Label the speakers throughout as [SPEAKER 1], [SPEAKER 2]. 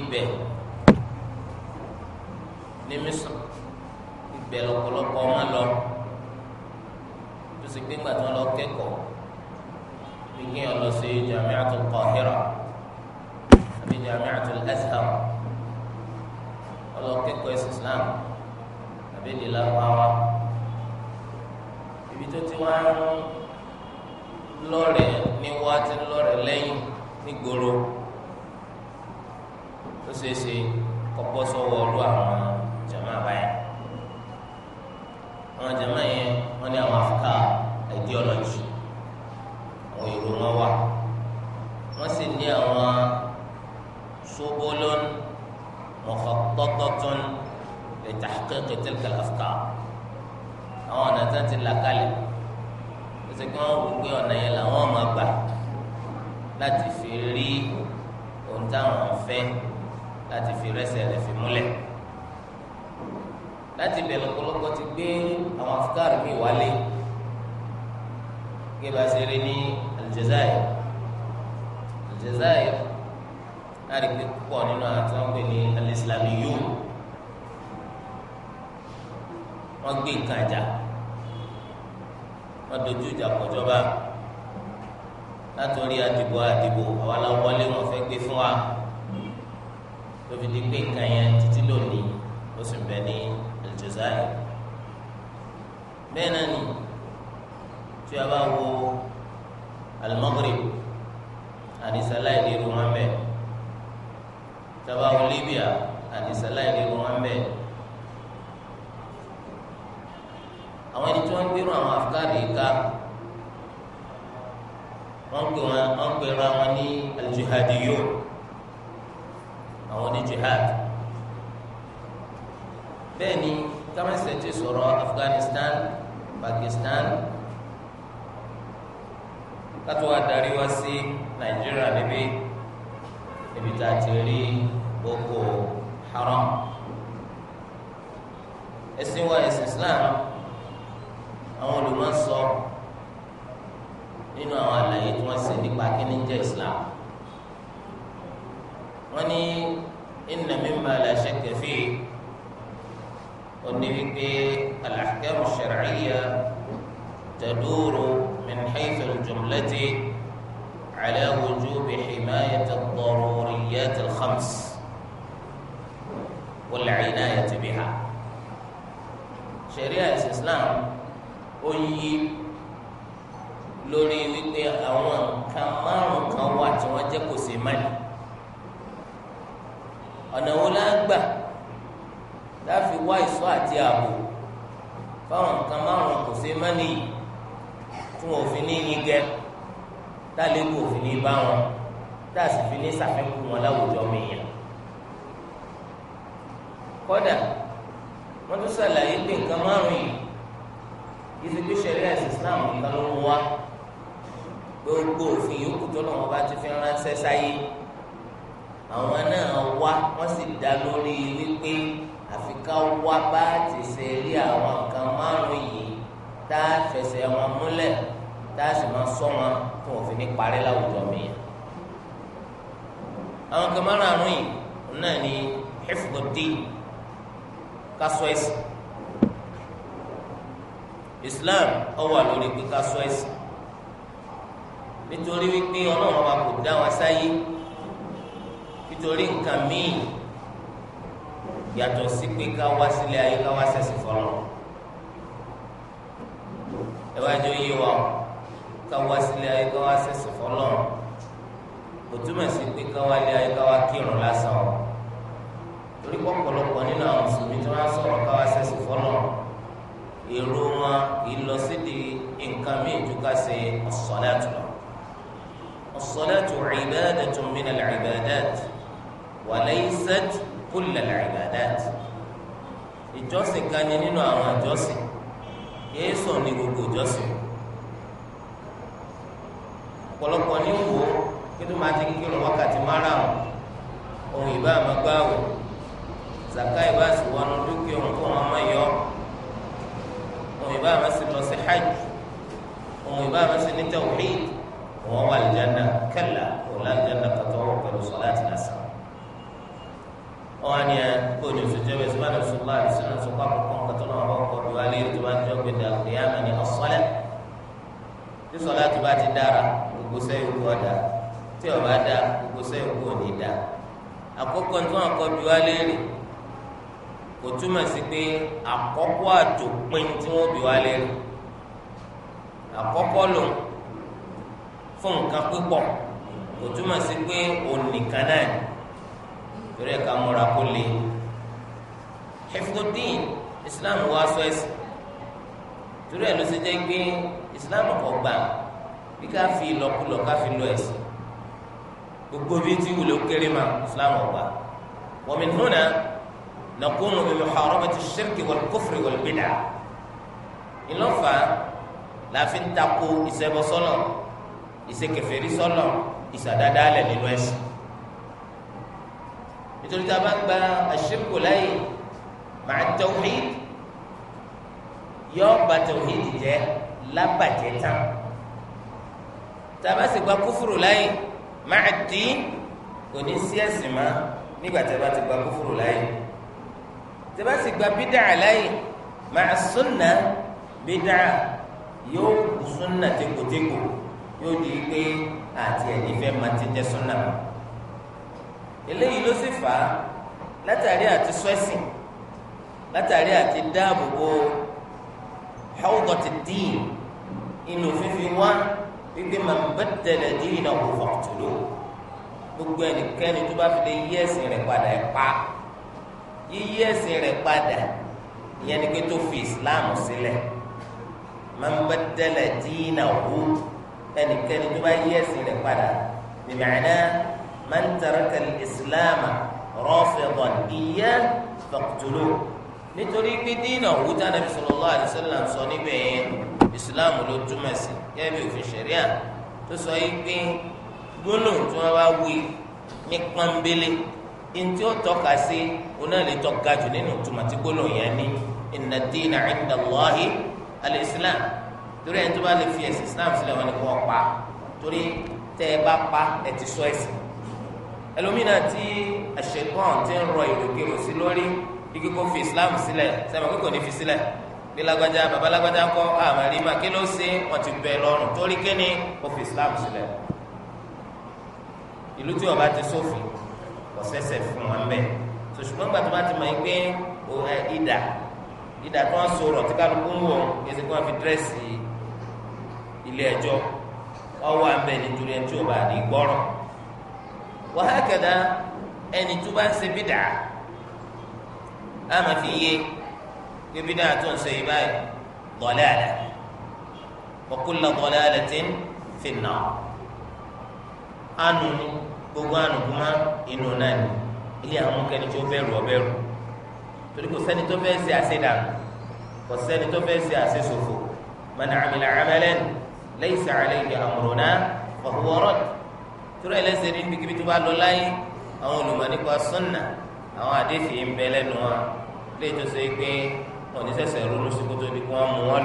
[SPEAKER 1] ¡Gracias! bẹ́ẹ̀ náà ni tí a bá wo al-Maghrib àdìsálà ìdíru wọn bẹ́ẹ̀ tí a bá wo Libya àdìsálà ìdíru wọn bẹ́ẹ̀ àwọn ẹni tí wọ́n ń gbérù àwọn afghani ká wọ́n pè wọn wọ́n wọn ní al-jihadiyo àwọn ní bẹ́ẹ̀ ni kámẹ́sẹ̀ ti sọ̀rọ̀ Afghanistan. Pakistan kátó wá darí wá sí Nàìjíríà níbí níbi tá a ti rí Boko Haram ẹ̀sìn wa ẹ̀sìn Islam àwọn olùmọ̀ sọ nínú àwọn àlàyé tí wọ́n ṣe nípa kíní jẹ́ Islam wọ́n ní inna mimma la ونبقى الأحكام الشرعية تدور من حيث الجملة على وجوب حماية الضروريات الخمس والعناية بها شريعة الإسلام أي lórí wípé àwọn nǹkan márùn kan wà tí wọ́n jẹ́ kò sí mọ́ni ọ̀nà wo la gbà láfi wá ìṣọ́ àti ààbò fáwọn nǹkan márùn kò ṣe má nìyí tí wọn ò fi ní yín gẹ tálẹ́kù ò fi ní bá wọn tá a sì fi ní sàfẹ́kù wọn láwùjọ mìíràn. kódà wọ́n tún ṣàlàyé pé nǹkan márùn yìí ìsìnkú ṣẹlẹ̀ Islam nǹkan ló ń wá gbogbo òfin yòókù tó lọ́wọ́ bá ti fi ránṣẹ́ sáyé àwọn náà wá wọ́n sì dá lórí wípé àfi ká wá bá ti ṣe rí àwọn nǹkan márùn yìí tá a fẹsẹ̀ wọn múlẹ̀ tá a sì máa sọ wọn tó wọn fi ní parí láwùjọ mi. àwọn nǹkan márùn àrùn yìí náà ni hifdodi kásọ ẹsìn Islam ọwà lórí pé kásọ ẹsìn nítorí wípé ọlọ́run ọba kò dá wọn sáyé nítorí nǹkan míì yàtọ̀ sí pé ká wá sílé ayé ká wá sẹ̀sìn fọlọ́ ẹ wá jọ yé wa ká wá sílé ayé ká wá sẹ̀sìn fọlọ́ kò túmọ̀ sí pé ká wá lé ayé ká wá kírun lásán o torí pọ̀pọ̀lọpọ̀ nínú àwọn mùsùlùmí tí wọ́n á sọ̀rọ̀ ká wá sẹ̀sìn fọlọ́ èrò wọn ìlọsídì nǹkan mìíràn ju ká ṣe as lọ as-salatu ibadatun min al-ibadat wa laysat kulla al-ibadat ìjọsìn kan ni nínú àwọn ìjọsìn kìí sọ ní gbogbo ìjọsìn ọ̀pọ̀lọpọ̀ ní wo kí ló máa ti kírun wákàtí márùn-ún ohun ìbá àmọ́gbáwò zaka ìbá sì wọnú dúkìá ohun kó wọn máa yọ ohun ìbá àmọ́ sì lọ sí hajj ohun ìbá àmọ́ sì ní tawhid wọn wà lìjánná kẹlà wọn lálìjánná kàtọ́wọ́ pẹ̀lú sọláàtì lásán wọn ni ẹ kó ní oṣù jẹbẹ sọlá ní oṣù láàrin sínú oṣù pápá kan kàtó náà wọn kọ bí wà lé tó bá jọ pé dàgbéyàmẹ ní ọsọlẹ tí sọlá tó bá ti dára gbogbo sẹ́yìn kú ọdà tí ọba dá gbogbo sẹ́yìn kú òní dá àkọ́kọ́ tí wọn kọ bí wà rè kò túmọ̀ sí pé àkọ́kọ́ àjòpin tí wọ́n bí wà rè àkọ́kọ́ lò fún nǹkan pípọ̀ kò túmọ̀ sí pé òní kan náà torí ẹ̀ka múra kó le hefudin islam wá sọ ẹ̀sìn torí ẹ̀ ló ṣe jẹ́ pé islam kọ̀ gbà bí ká fi ìlọkulọ ká fi lọ ẹ̀sìn gbogbo bí ti wùlé ó kéré ma islam ọgbà wa min huna nakunu bi muharabati shirki wal kufri wal bid'a ìlọ́fà láàfin tako ìṣẹbọ sọ́nà ìṣekèfèrí sọ́nà ìṣàdádálẹ̀ nínú ẹ̀sìn nítorí tá a bá gba àṣírkù láyè màá tawhid yọ ba tawhid jẹ lábàjẹ tán tá a bá sì gba kúfùrù láyè màá dín kò ní sí ẹ̀sìn mọ́ nígbà tí a bá ti gba kúfùrù láyè tí a bá sì gba bídà láyè màá súnà bídà yóò súnà tẹ́kọ̀tẹ́kọ̀ yóò di pé àti ẹ̀ nífẹ̀ẹ́ máa ti jẹ́ súnà eléyìí ló sì fà á látàrí àti sọ́ẹ̀sìn látàrí àti dáàbò bo hawdati dín inú fífi wá gbígbé man baddala dinahu faqtuluhu gbogbo ẹnikẹ́ni tó bá fi lè yí ẹ̀sìn rẹ̀ padà ẹ̀ pa yíyí ẹ̀sìn rẹ̀ padà ìyẹn ni pé tó fi Islam sílẹ̀ man baddala dinahu ẹnikẹ́ni tó bá yí ẹ̀sìn rẹ̀ padà bima'na. من ترك الإسلام رافضاً إياه iyyahu faqtuluhu nítorí pé dínà òwúta nàbí sallallahu alaihi wasallam sọ níbẹ̀ yẹn islam ló túmọ̀ sí yẹ́n bí òfin ṣẹ̀ríà tó sọ yìí pé gbólóhùn tí wọ́n bá wí ní pọ́nbélé ntí ó tọ́ka sí oná lè tọ́ka jù nínú túmọ̀ tí gbólóhùn yẹn ní inna dínà inda Allahi al-islam torí ẹni tó bá lè islam sílẹ̀ ni kò pa torí tẹ́ ẹ bá pa ẹ ti ẹlòmínà tí àṣetán ti ń rọ ìròkèrò sí lórí igi kó fi islam sílẹ̀ sẹ́mi kò kò ní fi sílẹ̀ bí lágbájá bàbá lágbájá kọ́ àmọ́ rí ma kí ló ṣe wọ́n ti bẹ̀ lọ́rùn torí kíni kó fi islam sílẹ̀ ìlú tí ọba ti sófin kò sẹ́sẹ̀ fún wọn bẹ́ẹ̀ sòṣùgbọ́n gbàtọ́ bá ti mọ̀ pé ìdà ìdà tó ń sọ̀rọ̀ tí kálukú ń wọ̀ èsì kí wọ́n fi dírẹ́sì ilé ẹjọ́ ọwọ́ àbẹ̀ nítorí ẹni tí ọba wàhákẹ́dá ẹni tó bá ń ṣe bídà á máa fi yé pé bídà tó ń ṣe yìí báyìí dọ̀láàlà wa kullu dọ̀láàlatin fi an-nar anu gbogbo anu kuma inú náà ni ilé àwọn kẹni tó bẹ̀rù ọbẹ̀rù torí kò sẹ́ni tó fẹ́ ṣe àṣedànù kò sẹ́ni tó fẹ́ ṣe àṣeṣòfò man amila amalan laysa alayhi amruna fa huwa radd torí ẹlẹ́sẹ̀ rí níbi tó bá lọ láyé àwọn olùmọ̀ nípa sunna àwọn àdéhì ń bẹ lẹ́nu wa lè tó ṣe pé wọn ní sẹ̀sẹ̀ ronú sí kótó ni wọ́n mú wọn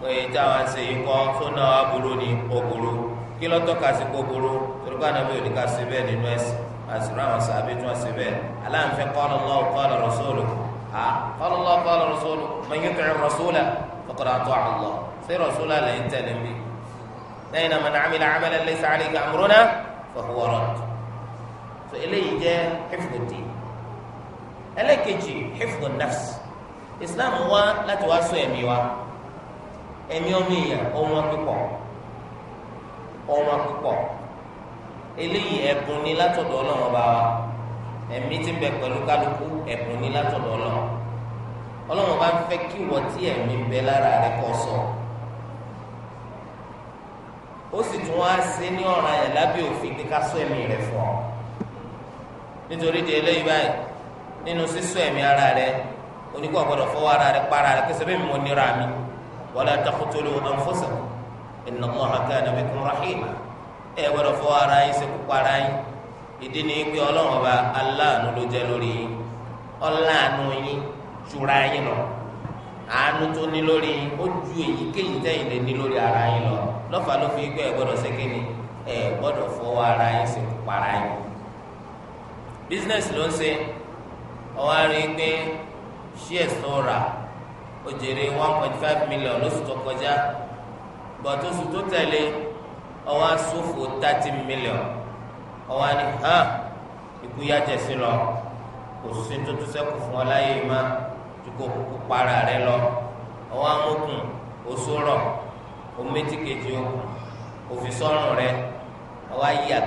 [SPEAKER 1] lò pé táwọn ṣe yìí kọ́ sọ́nà aburú ni ògoro kí ló tọ́ka sí kókoro torí pé ànábì ò ní ká ṣe bẹ́ẹ̀ nínú ẹ̀sìn àṣírí àwọn sàbí tí wọ́n ṣe bẹ́ẹ̀ aláǹfẹ́ qala Allahu qala rasuluhu qala Allahu qala rasuluhu man yuti'i rasula faqad ata'a Allah ṣé rasúlà lẹ́yìn tẹ̀lé mi lẹ́yìn náà man amila amalan laysa alayhi amruna فهو رد فإليه جاء حفظ الدين ẹlẹ́kejì حفظ النفس islam wá sọ wa ẹ̀mí ọmọ èèyàn ọmọ pípọ̀ ọmọ pípọ̀ eléyìí ẹ̀bùn ni látọ̀dọ̀ ọlọ́run ọba wa ti bẹ pẹ̀lú kálukú ẹ̀bùn ni ọlọmọba ọlọ́run ọlọ́run ọba ń kí ó sì tún wá sí ní ọ̀ràn yẹn lábẹ́ òfin pé ká sọ ẹ̀mí rẹ̀ fún ọ nítorí di eléyìí báyìí nínú sísọ ẹ̀mí ara rẹ oníkọ̀ gbọ́dọ̀ fọwọ́ ara rẹ para rẹ kẹsẹ̀ bẹ́ẹ̀ mi mo nira mi wala taqtulu anfusakum inna Allaha kana bikum rahima ẹ gbọ́dọ̀ fọwọ́ ara yín ṣekú para yín ìdí ni pé ọlọ́run ọba aláàánú ló jẹ́ lórí yín ọláàánú yín ṣùrà yín lọ. àánú tó ní lórí yín ó ju èyíkéyìí tẹ́yìn lè ní lórí ara yín lọ lọ́fà ló fi gbé ẹ̀ ni gbọ́dọ̀ ara yín sí para yín bísínẹ́sì ló ń ṣe ọwọ́ rí i pé shares tó rà ó jèrè one point five million lóṣù tó kọjá bọ̀t tó tẹ̀lé ọwọ́ thirty million ọwọ́ sí lọ kò kó kúkú para rẹ lọ ọwọ amókùn o rọ̀ o, kejì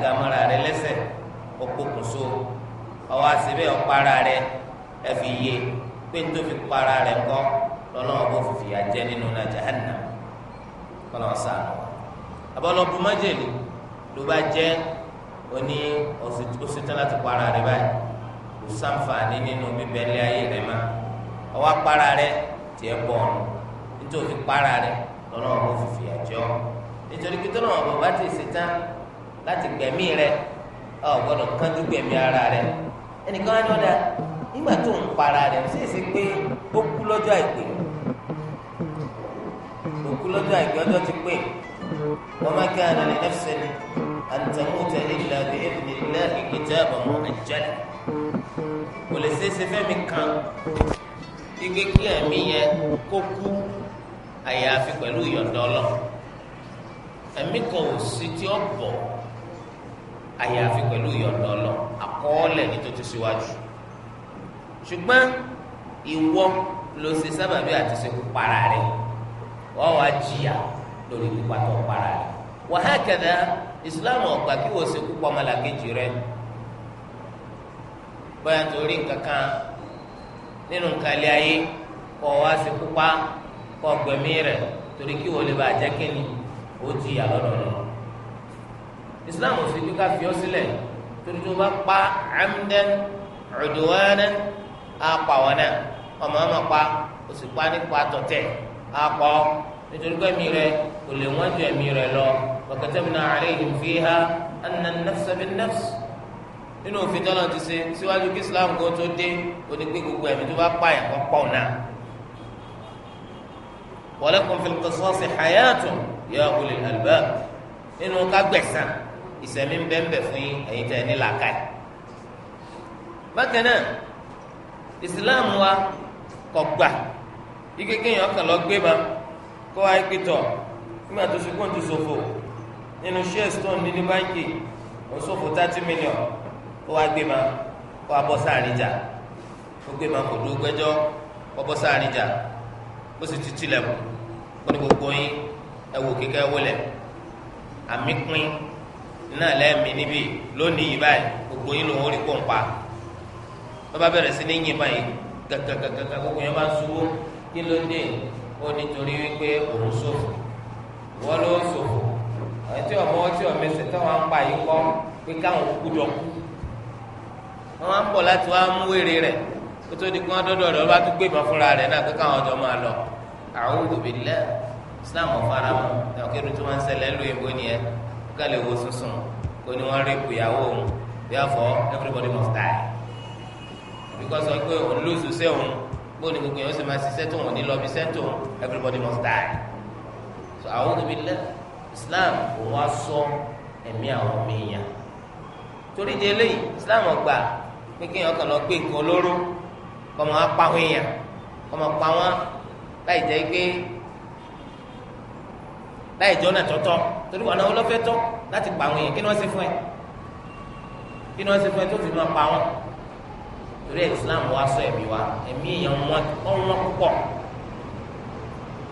[SPEAKER 1] rẹ ọwọ́ rẹ lẹ́sẹ̀ ọkọ̀kùnso ọwọ́ àṣìbẹ́ ọ̀para rẹ ẹ̀fì yé e pé n tó fi para rẹ ńkọ́ lọ́lọ́wọ́ bó fi fìyà nínú náà jahannam kọ́lọ́ sànù abọ́lọ́bù májèlé ló bá jẹ́ oní òsítán láti para rẹ báyìí kò ní nínú bíbélé ayé rẹ ọwọ́ apara rẹ tiẹ̀ bọ̀ ọ̀run nítorí para rẹ lọ́nà ọ̀rọ̀ fìfì àjọ nítorí kí tọ́nà ọ̀bọ̀ bá ti ṣe tán láti gbẹ̀mí rẹ ọ gbọ́dọ̀ kánjú gbẹ̀mí ara rẹ ẹnìkan á ní ọ̀dà nígbà tó ń para rẹ ṣe é ṣe pé ó kú lọ́jọ́ àìpé ó kú lọ́jọ́ àìpé ọjọ́ ti pé wọ́n máa kí àná ní nafsin an tamuta ike kí ẹ̀mí yẹn kó kú àyàfi pẹ̀lú ìyọ̀ǹda Ọlọ́run ẹ̀mí kan ò sí tí ó bọ̀ àyàfi pẹ̀lú ìyọ̀ǹda Ọlọ́run àkọọ́lẹ̀ ní tó ti síwájú ṣùgbọ́n ìwọ ló ṣe sábàbí àti ṣe para rẹ̀ wọ́n wá jìyà lórí pípa tó para rẹ̀ wàhákẹ́dá ìsìláàmù ọ̀gbà kí wọ́n ṣe kú pọ́nmọ́lá kejì rẹ̀ bóyá nítorí nǹkan kan nínú nǹkan ilé ayé kọ́ ọ wá sí pupa kọ́ ọ gbẹ̀mí rẹ̀ torí kí wọ́n lè bá jẹ́ kí ni ó ti yà lọ́dọọdọ. Islam ò sí pé ká fi ọ́ sílẹ̀ torí tó bá pa amdan udwanan apàwọ̀ ọmọ ọmọ pa ó sì pa nípa tọ̀tẹ̀ apọ̀ nítorí pé rẹ̀ kò lè wọ́n ju ẹ̀mí rẹ̀ lọ wa katabna alayhim fiha anna an-nafsa bin-nafs nínú òfin tọ́lọ̀ ti ṣe síwájú kí islam kó tó dé onígbé gbogbo ẹ̀mí tó bá pààyàn kọ́ pọ̀ náà. walakum fil qisasi hayatun ya ulil albab nínú kágbẹ̀sán ìsẹ̀mí ń bẹ́ẹ̀ fún yín ẹ̀yin tẹ̀ ní làákàyè. bákan náà islam wa kọ̀ gbà ike kéèyàn kàn lọ gbé ma kó wáyé pétọ̀ nígbà tó ṣe kó ṣòfò nínú shares tó ní ní báńkì òṣòfò thirty million ó wá gbé ma ó wá bọ́ sáàrin jà ó ma kò dúró gbẹ́jọ́ sáàrin jà ó sì ní gbogbo yín ẹ wò kíkẹ́ wọlé àmì pín lẹ́ẹ̀mí níbí lónìí yìí báyìí gbogbo yín lòun rí ń pa bẹ̀rẹ̀ sí ní gàgàgàgàgà gbogbo bá ń kí ló dé ó wípé òun wọ́n ló ọmọ ọmọ ẹsẹ̀ táwọn ń pa yìí kọ́ wọn máa ń bọ̀ láti wá mú wèrè rẹ̀ kó tó di kí wọ́n dọ́dọ̀ rẹ̀ wọ́n bá tún gbé ìbọn fúnra rẹ̀ náà pé káwọn ọjọ́ máa lọ a'udhu billah islam ọ̀fara mu náà kí irun tó máa ń ṣẹlẹ̀ ń lo ìbò nìyẹn ká lè wo sunsun kó ni wọ́n rí ìpìyàwó òun therefore everybody must die because wọ́n pé òun lóṣù sẹ́wọ̀n bó ni gbogbo yẹn ó sì máa ṣiṣẹ́ tó wọn ní lọ́ọ́ bí sẹ́ńtò everybody must die so a'udhu billah islam òun á sọ ẹ̀mí àwọn ọmọ èèyàn torí di eléyìí islam ọgbà pé kí èèyàn kàn lọ gbé nǹkan olóró kọ́ máa pa àwọn èèyàn kọ́ máa pa wọ́n láì jẹ́ pé láì jọ́ náà tọ́tọ́ torí wọn náà wọ́n lọ́fẹ́ tọ́ láti pa àwọn èèyàn kí ni wọ́n ṣe fún ẹ kí ni wọ́n ṣe fún ẹ tó fi máa pa wọ́n torí Islam wa sọ ẹ̀mí wa ẹ̀mí èèyàn wọ́n wọ́n púpọ̀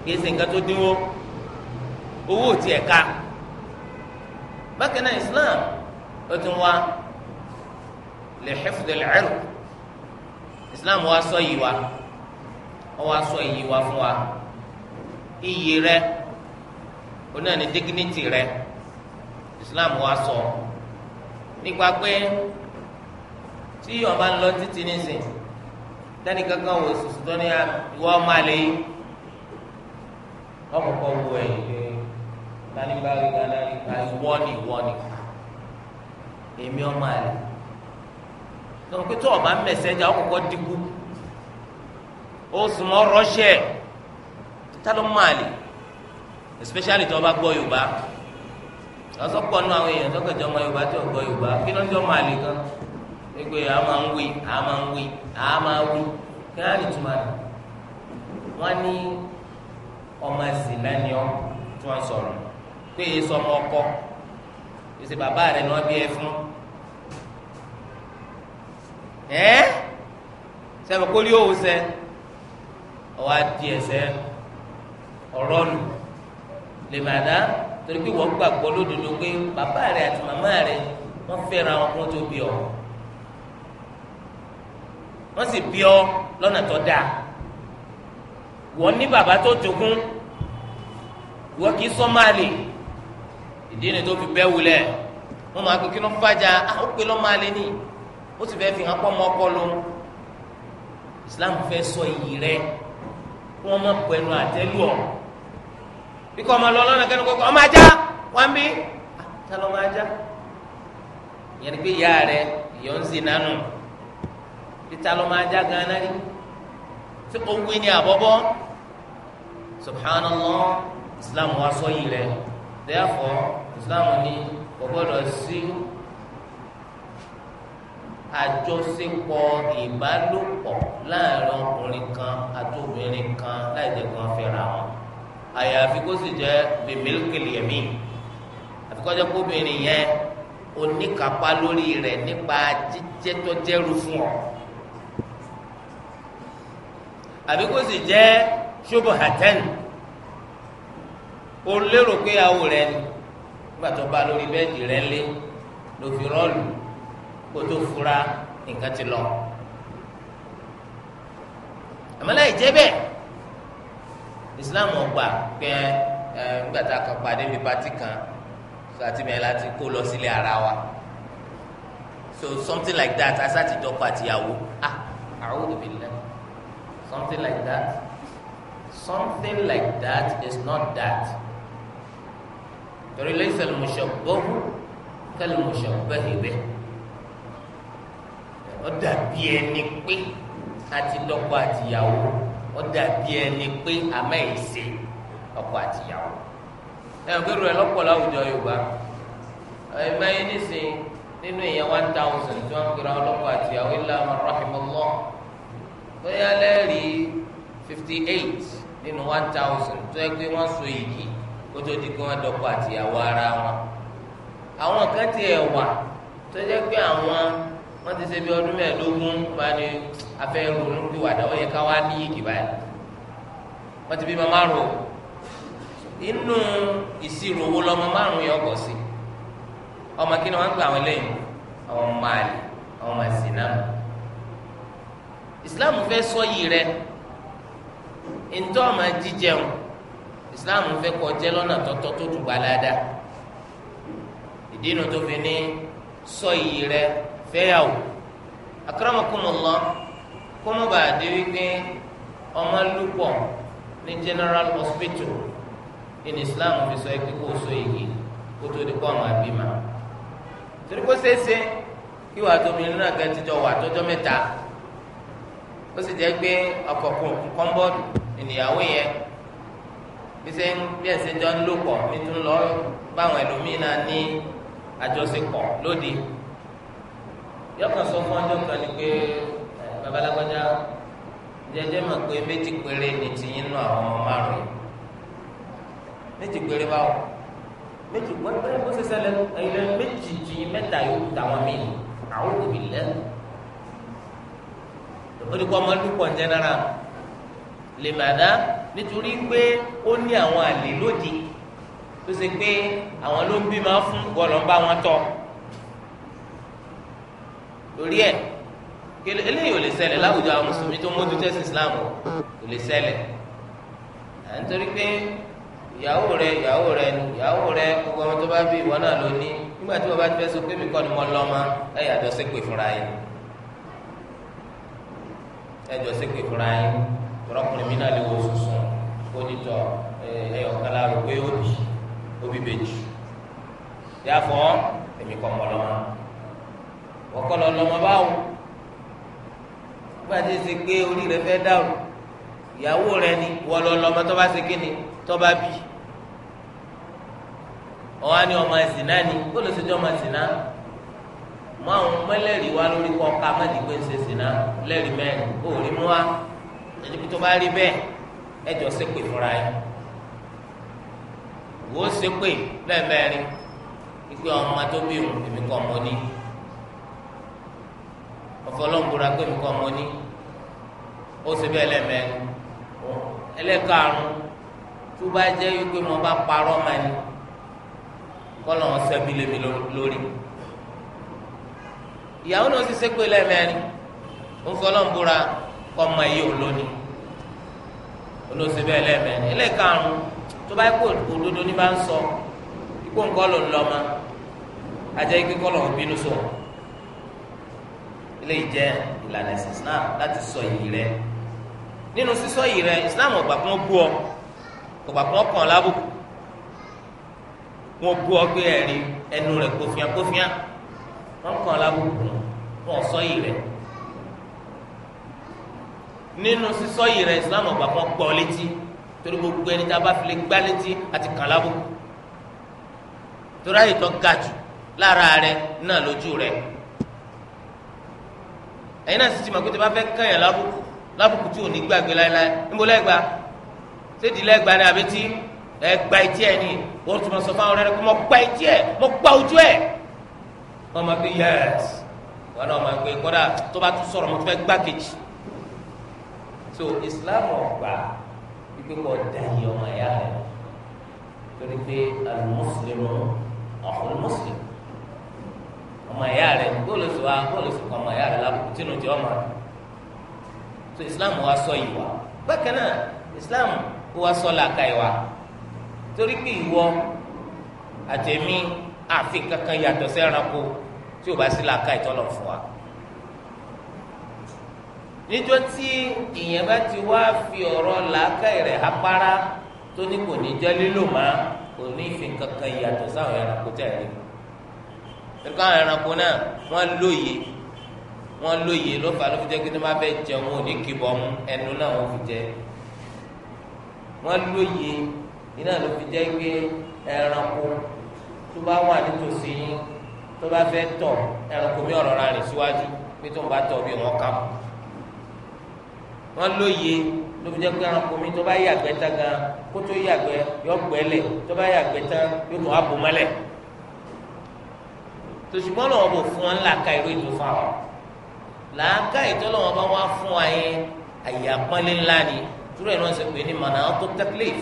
[SPEAKER 1] kì í ṣe nǹkan tó dínwó owó ò tiẹ̀ ká bákan náà Islam ó ti wá lè xifdè lẹ́rù islam wa sọ yìí wa ọ wa sọ yìí wa fún wa iyì rẹ onáà ní dignity rẹ islam wa sọ nípa pé tí ọba ń lọ títí nísìn tẹ́ni kankan wò sùsù tó ní ìwọ ọmọ àlè yìí ọkọ̀ọ̀kọ̀ wo ẹ̀yìn lé tani bá rí ganan nípa èmi ọmọ àlè tọmọ pé tó o bá mẹsẹ̀jà ó kọ́kọ́ dínkù ó sùnmọ́ mmalị, títà ló máa lè especially tí wọ́n bá gbọ́ yorùbá lọ́sọ̀pọ̀ nù àwọn èèyàn tọ́kẹ̀jọ́ ọmọ yorùbá tí wọ́n gbọ́ yorùbá kí ló ń jọ máa lè gan gbogbo yà á máa ń wí á máa ń wí á máa wí kí á lè wọ́n ní ẹ́ sẹ́mi kó rí òun sẹ́ ọwọ́ adi ẹsẹ̀ ọ̀rọ̀ nù lè má dá torí pé wọ́n gbàgbọ́ lódodo pé bàbá rẹ̀ àti màmá rẹ̀ wọ́n fẹ́ràn àwọn ọkùnrin tó bí ọ wọ́n sì bí ọ lọ́nà tó dáa wọ́n ní bàbá tó jogún wọ́n kì í sọ máa lè ìdí ni tó fi bẹ́ wulẹ̀ wọ́n máa kí kí ló fàjà ah, ó pé lọ́ máa lè ní ó sì fẹ́ẹ́ fi hàn pọ́nmọ́ ọpọlọ islam fẹ́ sọ iyì rẹ kí wọ́n má pẹ̀lú àtẹ́lù ọ̀ bíkọ́ ọmọ lọ lọ́nà kẹ́nu kọ́kọ́ ọmọ ajá wá ń bí ah, ta lọ́mọ ajá ìyẹn ni pé ìyá rẹ ìyọ́ ń zina nù títa lọ́mọ ajá gan-an náà rí tí ó wí àbọ̀bọ̀ subhanallah islam wa sọ iyì rẹ therefore islam ni kò gbọ́dọ̀ sí àjọṣepọ̀ ìbálòpọ̀ láàrin ọkùnrin kan àti obìnrin kan láì jẹ́ kí wọ́n fẹ́ra wọn àyàfi kó sì jẹ́ bèbélkèlè ẹ̀mí àfikọ́jọ́ kó obìnrin yẹn oníkápá lórí rẹ̀ nípa jíjẹ́ tó jẹ́rú fún ọ àbí kó sì jẹ́ ṣóbò hàtẹ́nì o lérò pé ìyàwó rẹ ni nígbà tó bá lórí bẹ́ẹ̀dì rẹ lé ló fi rọ́ọ̀lù kó tó fura nǹkan ti lọ àmàlà ìjẹ́ bẹ́ẹ̀ Islam ọgbà pé ẹ nígbà tá a kan padà níbi pati kan so àti láti kó lọ sílé ara wa so something like that asáti dọ́pọ̀ àtìyàwó ah a'udhu billah something like that something like that is not that torí laysa al-mushabbahu kal-mushabbahi bihi ó dàbí ẹni pé àti lọ́kọ àtìyàwó ó dàbí ẹni pé àmọ́ èsè ọkọ àtìyàwó ẹ̀rọ pé rẹ̀ lọ́pọ̀ láwùjọ Yorùbá ẹ̀mọ yẹn nísìn nínú ìyẹn one thousand tí wọ́n ń pera ọlọ́kọ àtìyàwó illa man rahimahullah bóyá lẹ́rìí fifty eight nínú one thousand tó yẹ pé wọ́n so yìí kótó di pé wọ́n dọ́kọ àtìyàwó ara wọn àwọn kan tiẹ̀ wà tó jẹ́ pé àwọn. wọ́n ti ṣe bí ọdún mẹ́ẹ̀ẹ́dógún máa ní afẹ́ ó yẹ ká wá ní yìgì báyìí wọ́n ti bí ma márùn inú ìṣirò owó lọ́mọ márùn yẹn ọkọ̀ sí ọmọ kí ni wọ́n ń gbà wọ́n lẹ́yìn ọmọ ọmọ Islam fẹ́ sọ yìí rẹ ntọ́ ọmọ jíjẹun Islam fẹ́ lọ́nà tọ́tọ́ tó dùgbà ládàá ìdí inú fẹ́yàwó akramakumullah kọ́mọba àdé wípé ọmọ lúpọ̀ ní general hospital in islam fi sọ pé kó o so igi kó tó di kó ọmọ àbímọ torí kó ṣeéṣe kí wàá tóbi nínú àgbẹ̀ tíjọ wà tọ́jọ́ mẹ́ta ó sì ìnìyàwó bí ń yọkàn sọ fún ọjọ́ kan ni pé babalágbájá jẹjẹ mọ̀ pé méjì péré ni tìyín nù àwọn ọmọ márùn méjì péré báwo méjì péré bó ṣe ṣẹlẹ̀ ẹ̀yìn lẹ́nu méjì tìyín mẹ́ta yóò tàwọn míì àwọn òbí lẹ́nu ó ní kó ọmọ lúpọ̀ ń jẹ́nára lè mà dá nítorí pé ó ní àwọn àlè lòdì tó ṣe pé àwọn ló ń bí máa fún bọ́ọ̀lù ń bá wọn tọ́ torí ẹ̀ eléyìí ò lè ṣẹlẹ̀ láwùjọ àwọn mùsùlùmí tó mójú tẹ́sí islam ò lè ṣẹlẹ̀ à ń torí pé ìyàwó rẹ ìyàwó rẹ ni ìyàwó rẹ gbogbo ọmọ tó bá bí ìwọ náà ló ní nígbà tí wọn bá fẹ́ sọ pé mi kọ́ ni mo lọ́ ma ẹ yàjọ ṣépè fúnra yín ẹ jọ ṣépè fúnra yín tọrọkùnrin mi náà lè wo sùsùn kó nítọ ẹ ọ̀kan lára rò pé ó bì ó bì bèjì èmi kọ́ mọ́ lọ́ ma ọkọlọ lọmọ báwo nígbà tí ṣe pé orí rẹ fẹ́ dàrú ìyàwó rẹ ni wọlọ lọmọ tó bá ṣe kíni tó bá bì ọwọ ni ọmọ ẹsìn náà ni kó ló ṣe jọ ọmọ ẹsìn náà mọ àwọn mẹlẹrìí wa lórí kọ ká má dìgbò ẹsẹ ẹsìn náà lẹrìí mẹ́rin kó rí mú wa ẹni tó bá rí bẹ́ẹ̀ ẹjọ ṣépè fúnra yìí wò ó ṣépè lẹ́ẹ̀mẹ́rin ikú ọmọ tó bí òun èmi kọ ọmọ ní ọ̀fọlọ́ngbòrà pé mi kọ́ ọmọ ní ó ṣe bẹ́ẹ̀ lẹ́mẹ̀ẹ́nu ẹlẹ́karùn tó bá jẹ́ wípé mo bá parọ́ máa ní kọ́lọ̀ wọn sẹ́bi lèmi lórí ìyàwó náà sì ṣépè lẹ́mẹ̀ẹ́rin ó fọlọ́ngbòrà kọ́ ọmọ yìí ò lónìí olóṣè bẹ́ẹ̀ lẹ́mẹ̀ẹ́rin ẹlẹ́karùn tó bá kó òdodo ní bá ń sọ ikú nǹkan ló ń lọ ma ajẹ́ ikú kọ́lọ̀ wọn bínú sọ̀rọ̀ ilé jẹ́ ìlànà ẹ̀sìn islam láti sọ iyì rẹ nínú sísọ iyì rẹ islam ọgbà kí wọ́n bú ọ ọgbà kí wọ́n kàn lábùkù wọ́n bú ọ pé ẹ̀rín ẹnu rẹ̀ kófíà kófíà wọ́n kàn lábùkù wọ́n sọ iyì rẹ nínú sísọ iyì rẹ islam ọgbà kí wọ́n létí torí gbogbo ẹni tí a bá fi lè gbá létí àti kàn lábùkù torí àyè tó ga jù lára rẹ náà lójú rẹ ẹ̀yin náà sì ti mọ̀ pé tí wọ́n bá fẹ́ kàn yàn lábùkù lábùkù tí ò ní gbàgbé láéláé níbo lẹ́gbàá sédìí lẹ́gbàá ni àbí tí ẹgbà etí ẹ ni wọ́n tún máa sọ fún àwọn ọ̀rẹ́ rẹ pé mo gba etí ẹ mo gba ojú ẹ wọ́n máa gbé yẹ́s wọ́n náà máa gbé kọ́dà tó bá tún sọ̀rọ̀ mo tún fẹ́ gbá kejì so Islam ọ̀gbà wípé kò dá ọmọ ẹ̀yà rẹ̀ torí pé al-Muslimu akhul ọmọ ẹ̀yà rẹ̀ bóòlù sọ wa bóòlù sọ ọmọ ẹ̀yà rẹ̀ lábùkù tínú jẹ́ ọmọ rẹ̀ so islam wa sọ ìwà bákan náà islam wa sọ làkà ìwà torí pé ìwọ àtẹ̀mí àfin kankan yàtọ̀ sẹ́ranko tí o bá sí làkà ìtọ́lọ̀ fún wa níjọ́ tí ìyẹn bá ti wá fi ọ̀rọ̀ làkà rẹ̀ hapara tó ní kò ní jẹ́ lílò má kò ní ìfin kankan yàtọ̀ sáwọn ẹranko tẹ̀ ẹ́ torí káwọn ẹranko náà wọ́n lóye wọ́n lóye ló fà ló fi jẹ́ pé tó bá fẹ́ jẹun wọn ò ní kí bọ́mú ẹnu náà wọ́n fi jẹ wọ́n lóye iná ló fi jẹ́ pé ẹranko tó bá wà nítòsí yín tó bá fẹ́ tọ̀ ẹranko mi ọ̀rọ̀ ra rìn síwájú pé tó ń bá tọ̀ bí wọ́n kà mọ́ wọ́n lóye ló fi jẹ́ pé ẹranko mi tó bá yàgbẹ́ tán gan kó tó yàgbẹ́ yọ gbẹ́lẹ̀ tó bá yàgbẹ́ tán yóò tún abòmọ́lẹ̀ tòṣùgbọ́n lọ́wọ́ bò fún wọn làákà irú ìlú fún àwọn làákà ìtọ́lọ́wọ́ bá wá fún wa yẹn àyè àpọ́nlé ńlá ni túrò ẹ̀ náà ṣe pé ní mọ̀nà tó tẹ́kílẹ̀f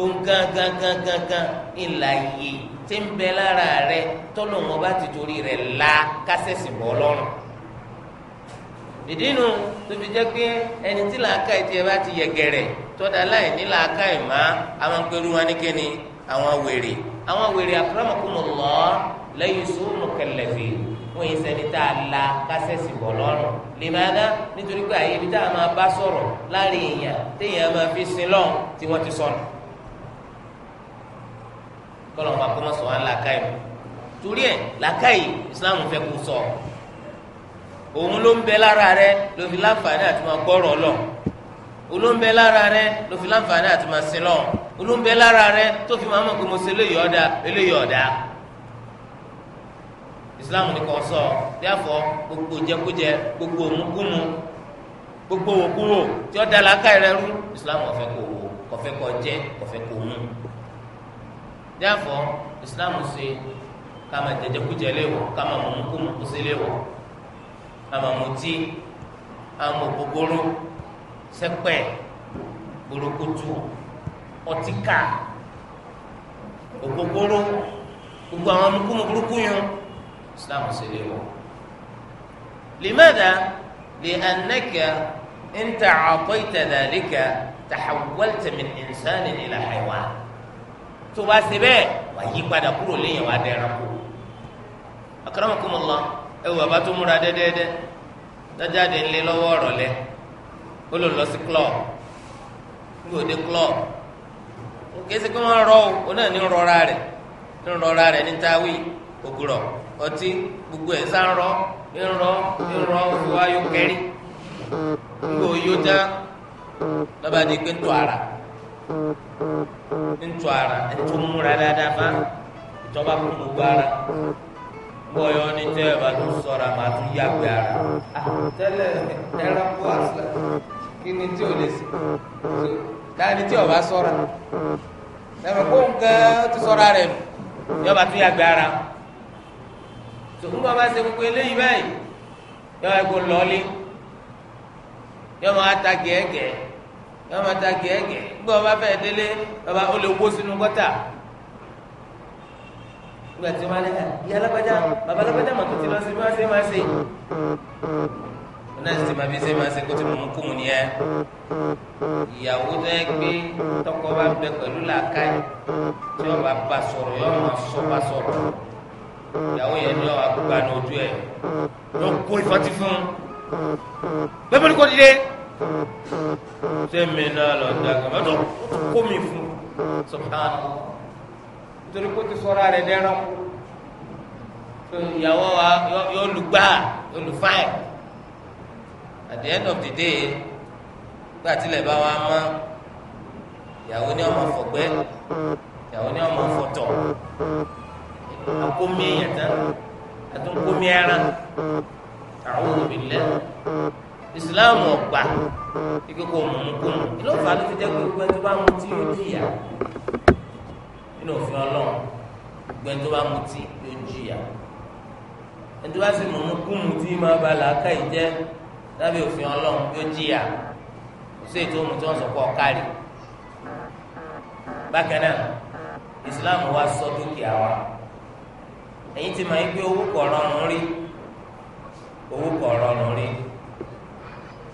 [SPEAKER 1] ohun gangan gangan gan ìlà yìí tí ń bẹ lára rẹ tọ́lọ́wọ́ bá ti torí rẹ̀ la kásẹ̀sì bọ́ lọ́rùn ìdínú tóbi jẹ́ pé ẹni tí làákà ìtì ẹ bá ti yẹ gẹ̀rẹ̀ tọ́da láì ní làákà ìmá àwọn pẹ̀lú wọn ní kíni àwọn wèrè àwọn wèrè àkàràmọ̀kùnmọ̀ lọ́ọ́ lẹ́yìn sùúrù kẹlẹ̀fì wọ́n yìí sẹ́ni tá a la kásẹ̀sì bọ̀ lọ́rùn lèmọ́dá nítorí pé àyè ibi tá a máa bá sọ̀rọ̀ láàrin èèyàn téèyàn máa fi sin lọ́hùn tí wọ́n ti sọnù. kọ́lọ̀ máa kọ́ mọ́ sọ̀rọ̀ ńlá káyì torí ẹ̀ làkàyè ìsìláàmù fẹ́ kó sọ òun ló ń bẹ lára rẹ ló fi láǹfààní àti máa gbọ́rọ̀ lọ òun lára rẹ ló fi láǹfààní àti máa sin lọ òun lára rẹ tó fi máa mọ̀ pé mo ṣe eléyìí ọ̀dà eléyìí ọ̀dà islam ní kò sọ díàfọ gbogbo jẹkújẹ gbogbo òmùkúmu gbogbo òkúwò tí ó dára ká rẹ rú islam ọ̀fẹ́ kò wò kọ̀fẹ́ kò jẹ kọ̀fẹ́ kò mú díàfọ islam ṣe kama jẹjẹkújẹ léwọ̀ kama mọ̀mọ́kúmọ̀ kó sí kama muti, kama ògógóró sẹ́pẹ̀ gbòròkótó ọtíkà ògógóró gbogbo àwọn mọ̀mọ́kúmọ̀ burúkú yẹn islam ṣe lè wọ̀. لماذا؟ لأنك إن تعاطيت ذلك تحولت من إنسان إلى حيوان tó bá ṣe bẹ́ẹ̀ wà yí padà kúrò léyìn wà dẹ̀ràn kú. akramakumullah ẹ wò bàbá tó múra dẹ́dẹ́dẹ́ dájáde ńlẹ́ lọ́wọ́ ọ̀rọ̀ lẹ ó lò lọ sí club ní òde club kò kí ẹ rọ o náà ní rọra rẹ̀ ní rọra rẹ̀ ní táwí ògùrọ̀ ọtí gbogbo ẹ̀ sá ń rọ ń rọ ń rọ òfin wa yóò kẹ́rí nígbà oyó já lọ́ba di pé ń tọ́ ara ń tọ́ ara ń tún múra dáadáa fa ìjọba kún gbogbo ara bọ́yọ̀ ní tẹ́ ẹ̀ bá tún sọ̀rọ̀ àmà tún yàgbé ara. Ah, tẹ́lẹ̀ ẹran bó àṣà kí ni tí o lè sè dáadé tí o bá sọ̀rọ̀ ẹ̀rọ kó nǹkan ti sọ̀rọ̀ rẹ̀ yọba tún yàgbé ara sòkúrú ọba ṣe gbogbo eléyìí báyìí yọ ẹgbẹ lọlé yọ máa ta gẹẹgẹ yọ máa ta gẹẹgẹ gbọ ọba fẹẹ délé ọba ó lè wó sínú gọta nígbà tí wọn lé ká ìyá alágbájá bàbá alágbájá mọ tó ti lọ sí bí wọn ṣe máa ṣe
[SPEAKER 2] wọn náà sì máa fi ṣe máa ṣe kó tí mo mú kú mu nìyẹn
[SPEAKER 1] ìyàwó tó yẹ pé tọkọ bá bẹ pẹ̀lú làákàyè tí wọn bá bá sọ̀rọ̀ yọ máa sọ bá sọ̀rọ̀ ìyàwó yẹn ní lọ́wọ́ àgbà ní ojú ẹ̀ ló ń kó ìfọ́tí fún un bẹ́ẹ̀ bọ́lí kò dìde sẹ́mi náà lọ dàgbà mọ́tò kó mi fún subhana nítorí kó ti sọ̀rọ̀ rẹ̀ dẹ́rán ìyàwó wa yóò lù gbà yóò lù fáì at the end of the day gbà tilẹ̀ bá wa mọ́ ìyàwó ni ọmọ fọ̀gbẹ́ ìyàwó ni ọmọ fọ̀tọ̀ àkómi èèyàn tán àtúnkómi ẹran a'udhu billah ìsìláàmù ọ̀gbà ike kò mú mú kó mú ilé òfà ló fi jẹ́ pé gbẹ́ tó bá mu tí yóò jìyà nínú òfin ọlọ́run gbẹ́ tó bá mu tí yóò jìyà ẹni tó bá sì mú mú kó mú òfin ọlọ́run yóò jìyà kò ètò òmù tí wọ́n sọ pé ọ̀kárì bákan náà ìsìláàmù wa sọ dúkìá wa. ẹ̀yin ti máa ń gbé owó kọ̀ rọrùn rí owó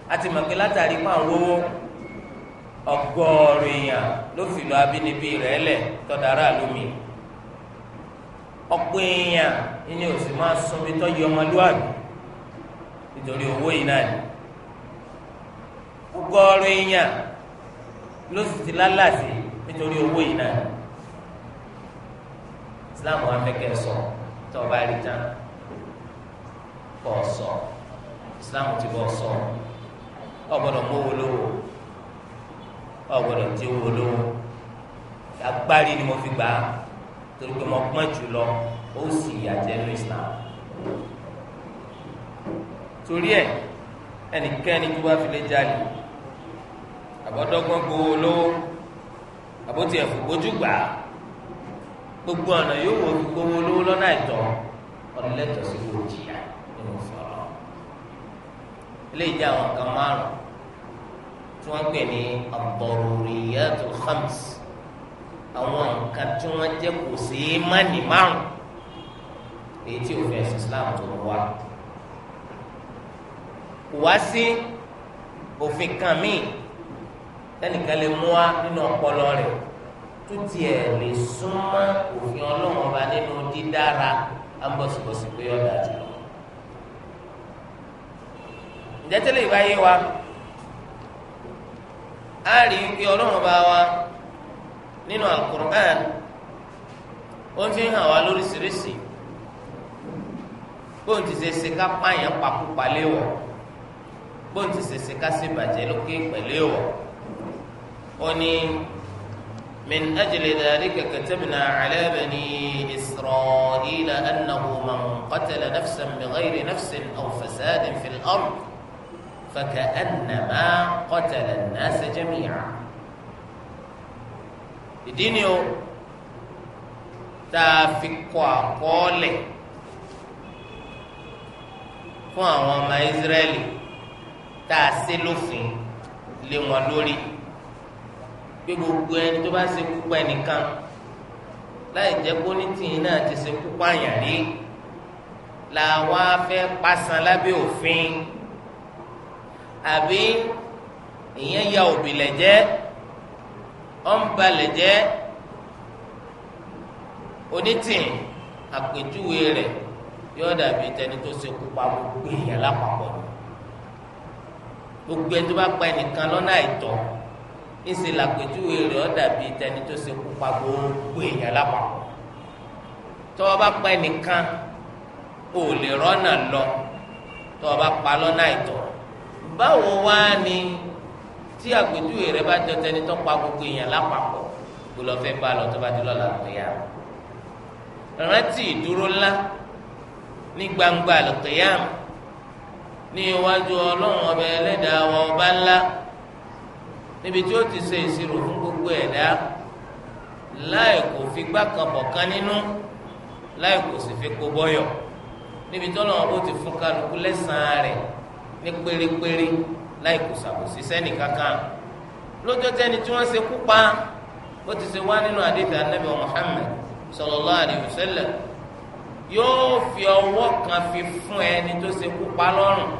[SPEAKER 1] a ti ma pé látàrí pa owó èèyàn ló fi lọ abínibí rẹ̀ lẹ̀ tọ́dára lómi ọ̀pọ̀ èèyàn ni ó sì máa sunbi tọ́jú ọmọlúwàbí nítorí owó yìí náà ni ọgọ́rùn èèyàn ló sì ti lálàsì nítorí owó yìí náà tó o bá rí tán kọ sọ islam ti bọ sọ ọ gbọ́dọ̀ mówó lówó ọ gbọ́dọ̀ tí owó lówó agbárí ni mo fi gbà á torí pé mo pọ́n jù lọ ó sì yàjẹ́ ní islam torí ẹ ẹnikẹ́ni tó bá fi lè jalè àbọ̀dọ́gbọ́n gbowó lówó àbótiẹ̀fọ̀ gbójú gbà á gbogbo ọ̀nà yóò wọ gbogbo olówó lọ́nà àìtọ́ ọ̀nà lẹ́tọ̀ sí kò jìyà nínú fọ̀rọ̀ eléyìí jẹ́ àwọn kan márùn tí wọ́n pè ní ad-daruriyatul khams àwọn nǹkan tí wọ́n jẹ́ kò sí mánì márùn èyí tí òfin ẹ̀sìn Islam tó wá wá sí òfin kan míì tẹ́nìkan lè mú wa nínú ọpọlọ rẹ̀ tó tiẹ̀ lè súnmọ́ òfin ọlọ́run ọba nínú dídára ambọ̀sibọ̀sì pé ọ̀dà jùlọ. ìdẹ́tẹ́lẹ̀ ìbáyé wa a rí i pé ọlọ́run ọba wa nínú Al-Qur'an ó fi hàn wá lóríṣiríṣi bóun ti ṣe ṣe ká pààyàn pakúpa léwọ̀ bóun ti ṣe ṣe ká ṣe bàjẹ́ lókè pẹ̀lú èèwọ̀ ó ní. من أجل ذلك كتبنا على بني إسرائيل أنه من قتل نفسا بغير نفس أو فساد في الأرض فكأنما قتل الناس جميعا الدينيو o tá a fi kọ àkọọ́lẹ̀ fún àwọn pé gbogbo ẹni tó bá ṣe púpọ̀ ẹnìkan láì jẹ́ kó ní tìyín náà ti ṣe púpọ̀ àyàn rí làwọn afẹ́ pàṣán lábẹ́ òfin àbí ìyẹn ya òbí lẹ̀jẹ̀ ọ̀nba lẹ̀jẹ̀ onítìyín àpèjúwe rẹ̀ yóò dàbí tẹni tó ṣe púpọ̀ gbogbo èèyàn lápapọ̀ gbogbo ẹni tó bá pa ẹnìkan lọ́nà àìtọ́ ìsè làpèjúwe rẹ̀ ọ́ dàbí tẹni tó ṣe kú pa gbogbo èèyàn lápapọ̀ tọ́ ọ bá pa ẹnìkan ò lè rọ́nà lọ tọ́ ọ bá pa lọ́nà àìtọ́ báwo wá ni tí àpèjúwe rẹ̀ bá jọ tẹni tó pa gbogbo èèyàn lápapọ̀ kó lọ fẹ́ bá lọ tó bá di lọ́la lọ́yà rántí ìdúró ńlá ní gbangba lọ́kẹ́yàmù ní iwájú ọlọ́run ọba ẹlẹ́dàá ọba ńlá níbi tí ó ti ṣe ìṣirò fún gbogbo ẹ̀dá láì kò fi gbàkànbọ̀kan nínú láì kò sì fi kó bọ́yọ̀ níbi tí ọlọ́run ó ti fún kálukú lẹ́sàn-án rẹ̀ ní pérépéré láì kò ṣàbòsí sẹ́nì kankan lọ́jọ́ tẹ́ni tí wọ́n ṣe kú pa ó ti ṣe wá nínú àdéhùn anábì Muhammad sallallahu alaihi wasallam yóò fi ọwọ́ kan fi fún ẹni tó ṣe kú pa lọ́rùn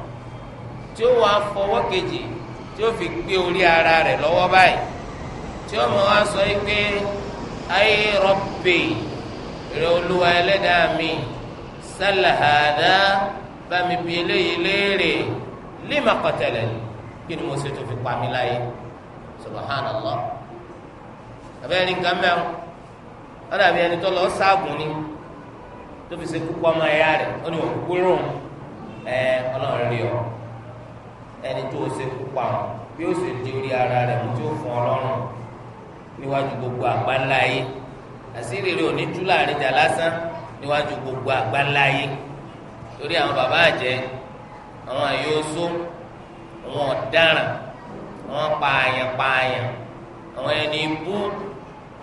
[SPEAKER 1] tí ó wàá fọwọ́ kejì tí ó fi gbé orí ara rẹ̀ lọ́wọ́ báyìí tí ó mọ̀ wá sọ yìí pé ayé rọ́bì rẹ̀ olúwa ẹlẹ́dàá mi sálàhàdá bá mi bi eléyìí léèrè lima kọtẹlẹ kí ni mo ṣe tó fi pa mí láyé subhanallah abẹ́rẹ́ ní nǹkan mẹ́rin dàbí ẹni tó lọ ṣáàbùn ni tó fi ṣe kúkú ọmọ ẹ̀yà rẹ̀ ó ní wọ́n kúkú rún ọlọ́run rí ọ ẹni tó o ṣe kú pa ọ bí ó sì di orí ara rẹ̀ mú tí ó fún ọ lọ́rùn níwájú gbogbo àgbáńlá yìí àṣírí rẹ̀ ò ní tú láàrin jà lásán níwájú gbogbo àgbáńlá yìí torí àwọn bàbá àjẹ́ àwọn àyóso àwọn ọ̀daràn àwọn pààyàn pààyàn àwọn ẹni bú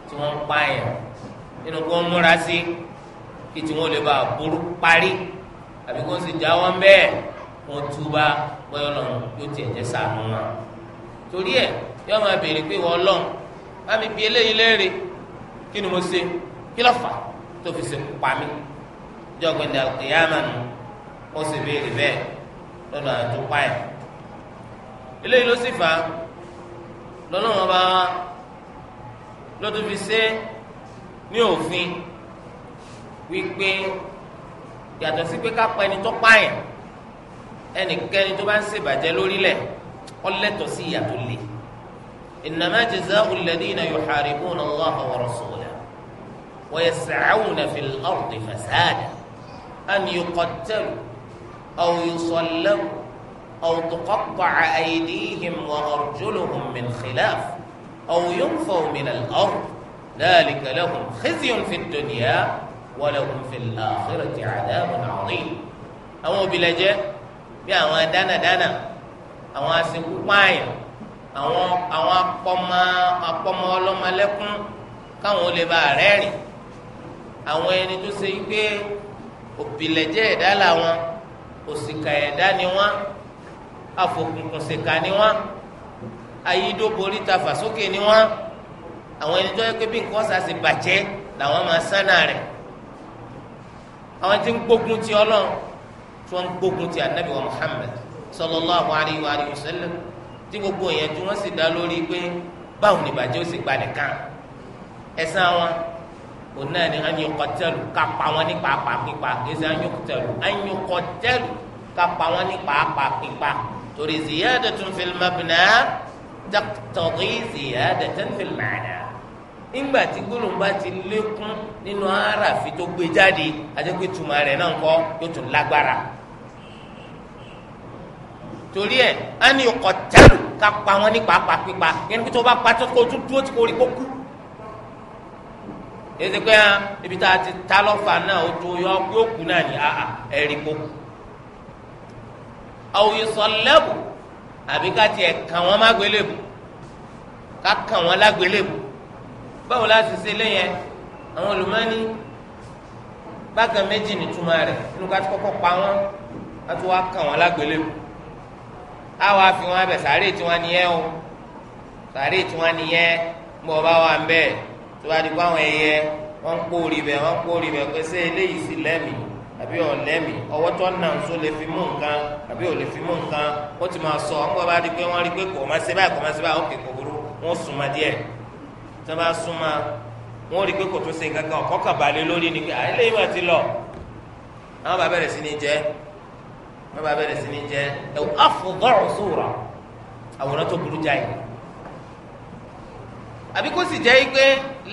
[SPEAKER 1] tí wọ́n ń pààyàn nínú kó ń múra sí kí tí wọ́n lè bá burú parí àbí kó ń sì já wọn bẹ́ẹ̀ wọ́n túbà bóyá ọlọ́run yóò tiẹ̀ jẹ́ sàánú wọn torí ẹ̀ yóò máa béèrè pé wọ́n ọlọ́run bá mi bi eléyìí léèrè kí ni mo ṣe kí ló fà tó fi ṣe pa mí ìjọ gbẹ̀dẹ̀ àkèyàmà nù ó sì béèrè bẹ́ẹ̀ lọ́dọ̀ àti pa ẹ̀ eléyìí ló sì fà á lọ́nà wọn bá ló tún fi ṣe ní òfin wípé yàtọ̀ sí pé ká pa ẹni tó pààyàn. ẹnikẹ́ni tó bá ń ṣèbàjẹ́ lórílẹ̀ ọlẹ́tọ̀ sí ìyà tó le innama jazaa'u alladhina yuharibuna Allaha wa rasulahu wa yas'awna fil ardi fasadan an yuqattalu aw yusallabu aw tuqatta'a aydihim wa arjuluhum min khilaf aw yunfaw min al-ard dhalika lahum khizyun fid dunya wa lahum fil akhirati 'adhabun 'adhim àwọn òbí lẹ́jẹ́ bí àwọn dánàdánà àwọn asekúpáàyàn àwọn àwọn akpọmọ akpọmọ ọlọmọlẹkùn káwọn olè bá rẹ́rìn àwọn ẹni tó ṣe pé òbílẹ̀jẹ́ ẹ̀dá làwọn òṣìkà ẹ̀dá ni wọ́n afọkùnkùnṣìkà ni wọ́n ayídóborí tafàsókè ni wọ́n àwọn ẹni tó yẹ pé bí nǹkan ṣàṣì bàjẹ́ làwọn máa sánà rẹ̀ àwọn tí ń gbógun ti ọlọ́run tí wọ́n ń gbógun ti anabi wa muhammed sallallahu alayhi wa alayhi wa sallam tí gbogbo èèyàn tí wọ́n sì dá lórí pé báwo ni ìbàjẹ́ ó sì gba nìkan ẹ̀sán wọn òun náà ni an yuqtalu ká pa wọn ní pàápàá pípa ẹ̀sán an yuqtalu an yuqtalu ká wọn ní pàápàá pípa torí ziyadatun fil mabna taqtadi ziyadatan fil ma'na nígbà tí gbólóńgbà ti lékún nínú aráàfin tó gbé jáde àti pé tùmọ̀ rẹ̀ náà ń kọ́ yóò tún lágbára torí ẹ ẹni ọkọ tẹlu ká pa wọn ní pàápàá pípa yẹn kí tó bá pa tó kó tó dúró tí kò rí kó kú èsì pé hàn ah, ibi tá a ti ta lọ́fà náà ó tó yọ ọkú òkú náà ní àhà ah, ah, ẹ̀rí kó kú àwòye sọlẹ́bù àbí ká tiẹ̀ kàn wọ́n má gbélébù ká kàn wọ́n lágbélébù báwo la ti ṣe léyẹn àwọn olùmọ́ni bákan méjì nìtumọ̀ rẹ̀ nínú ká ti kọ́kọ́ pa wọ́n ká tó wá kàn wọ́n lágbélébù. àwa fi wọn abẹ sàárè tí ni nìyẹn o sàárè tí wọn nìyẹn mbọ bá wà ń tó bá di kó àwọn ẹyẹ wọn kórì bẹ wọn kórì bẹ pé sẹ eléyìí sì lẹmìí àbí ọlẹmìí ọwọ́ tó nà ń so lè fi mú nǹkan àbí ò fi mú nǹkan ó ti máa sọ ńgbọ bá di pé wọn rí pé kò má ṣe báyìí kò má ti lọ àwọn bàbá rẹ sì wọn bá bẹ̀rẹ̀ sí ní jẹ ẹwù afọdọrọ sóòrọ àwòrán tó burú jáì àbí kó sì jẹ́ pé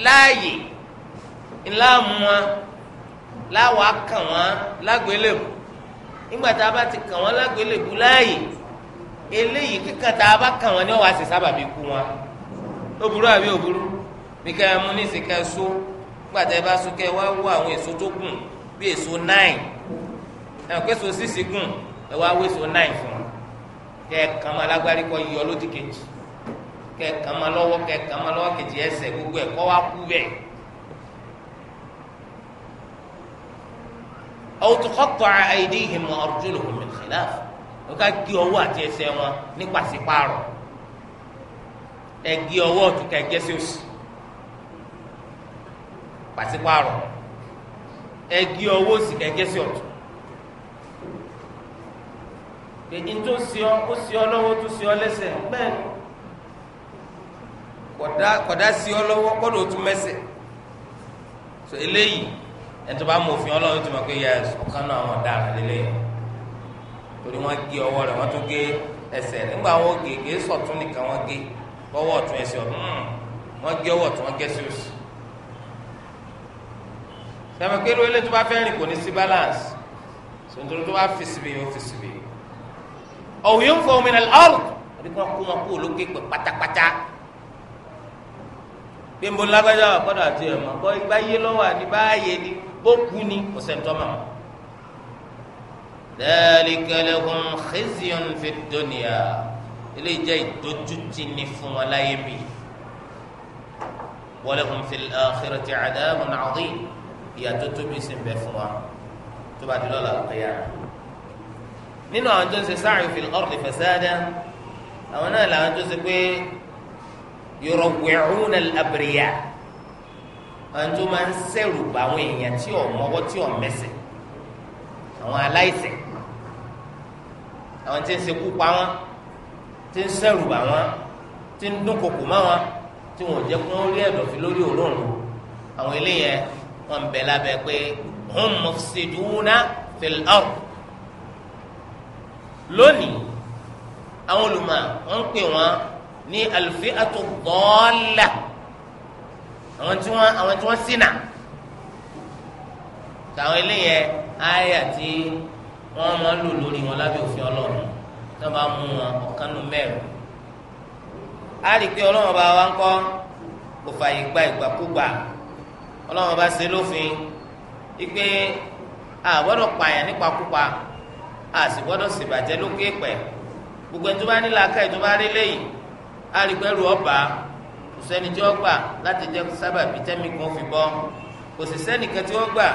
[SPEAKER 1] láàyè ńlá mu wọn láwa kàn wọn lágbélébù nígbà tá a bá ti kàn wọn lágbélébù láàyè eléyìí kíkà tá a bá kàn wọn ni wọn wá sí sábàbí kú wọn ó burú àbí ó burú bí ká mú ní ìsìnká so nígbà tá a bá so kẹ wá wọ àwọn èso tó gùn bí èso náì ẹ̀ pé so sísì gùn ẹ wá wéso náì fún un kẹ ẹ kàn máa lágbárí kọ yọ lódì kejì kẹ ẹ kàn máa lọ́wọ́ kẹ ẹ kàn máa lọ́wọ́ kejì ẹsẹ̀ gbogbo ẹ kọ wá kú bẹ́ẹ̀. aw tuqatta'a aydihim wa arjuluhum min khilaf ó ká gé ọwọ́ àti ẹsẹ̀ wọn ní ẹ gé ọwọ́ ọ̀tún ká gé sí òsì pàṣípààrọ̀ ẹ gé ọwọ́ òsì ká gé sí ọ̀tún pé n tó sí ọ ó sí ọ lọ́wọ́ tó sí ọ lẹ́sẹ̀ bẹ́ẹ̀ ni kódà kódà sí ọ lọ́wọ́ kódà ó tún mẹ́sẹ̀ so eléyìí ẹtọ́ bá mọ òfin ọlọ́run tó mọ̀ pé yẹ ọ̀kan náà àwọn ọ̀daràn lélẹ́yìn torí wọ́n gé ọwọ́ rẹ̀ wọ́n tún gé ẹsẹ̀ rẹ̀ nígbà wọn gé gé sọ̀tún nìkan wọ́n gé ọwọ́ ọ̀tún ẹsẹ̀ ọ̀tún hmm. wọ́n gé ọwọ́ ọ̀tún wọ́n gé sí òsì. sẹ́mi pé lóyún lè tó bá fẹ́ rìn kò ní sí balance sọ̀tún tó bá fi síbi yóò fi síbi yóò aw yunfaw min al-ard àbí kí wọ́n kó wọn kó olókè pẹ̀ pátápátá gbẹ̀mbó lágbájá àkọ́dà àti ẹ̀mọ́ kọ́ ibà yé lọ́wọ́ àti báyé ni bó kú ni kò sẹ́ńtọ́ mọ́. dhalika lahum khizyun fid dunya ilé jẹ́ ìdójútì ní fún wọn láyé mi wa lahum fil akhirati adhabun adhim ìyàtọ̀ tóbi sì ń bẹ fún wa tó bá di lọ́la àgbéyàwó nínú àwọn tó ń ṣe sa'yu fil ardi fasada àwọn náà làwọn tó ṣe pé yurawwi'una al-abriya àwọn tó máa ń sẹ̀rù bá àwọn èèyàn tí ò mọ́wọ́ tí ò mẹ́sẹ̀ àwọn aláìṣẹ̀ àwọn tí ń ṣekú pa wọn tí ń sẹ̀rù bá wọn tí ń dúnkokò mọ́ wọn tí wọn ò jẹ́ kó rí ẹ̀dọ̀fí lórí òróǹro àwọn eléyẹ wọn ń lábẹ́ pé hum mufsiduna fil ard lónìí àwọn olùmọ̀ wọ́n ń pè wọ́n ní al-fi'atu dalla àwọn tí wọ́n àwọn tí wọ́n ṣìnà tàwọn eléyẹn àyà tí wọ́n máa ń lò lórí wọn lábẹ́ òfin Ọlọ́run tí wọ́n bá mú wọn ọ̀kan nù mẹ́rin a rí i pé Ọlọ́run bá wa ń kọ́ kò fààyè gba ìgbàkúgbà Ọlọ́run bá ṣe lófin ipe àgbọ́dọ̀ pààyàn nípa kúpa a sì gbọ́dọ̀ ṣèbàjẹ́ lókè pẹ̀ gbogbo ẹni tó bá ní làákàyè tó bá rí lẹ́yìn á rí pẹ́rù ọba kò sẹ́ni tí ó gbà láti jẹ́ sábàbí tẹ́mi kan fi bọ́ kò sì sẹ́nìkan tí ó gbà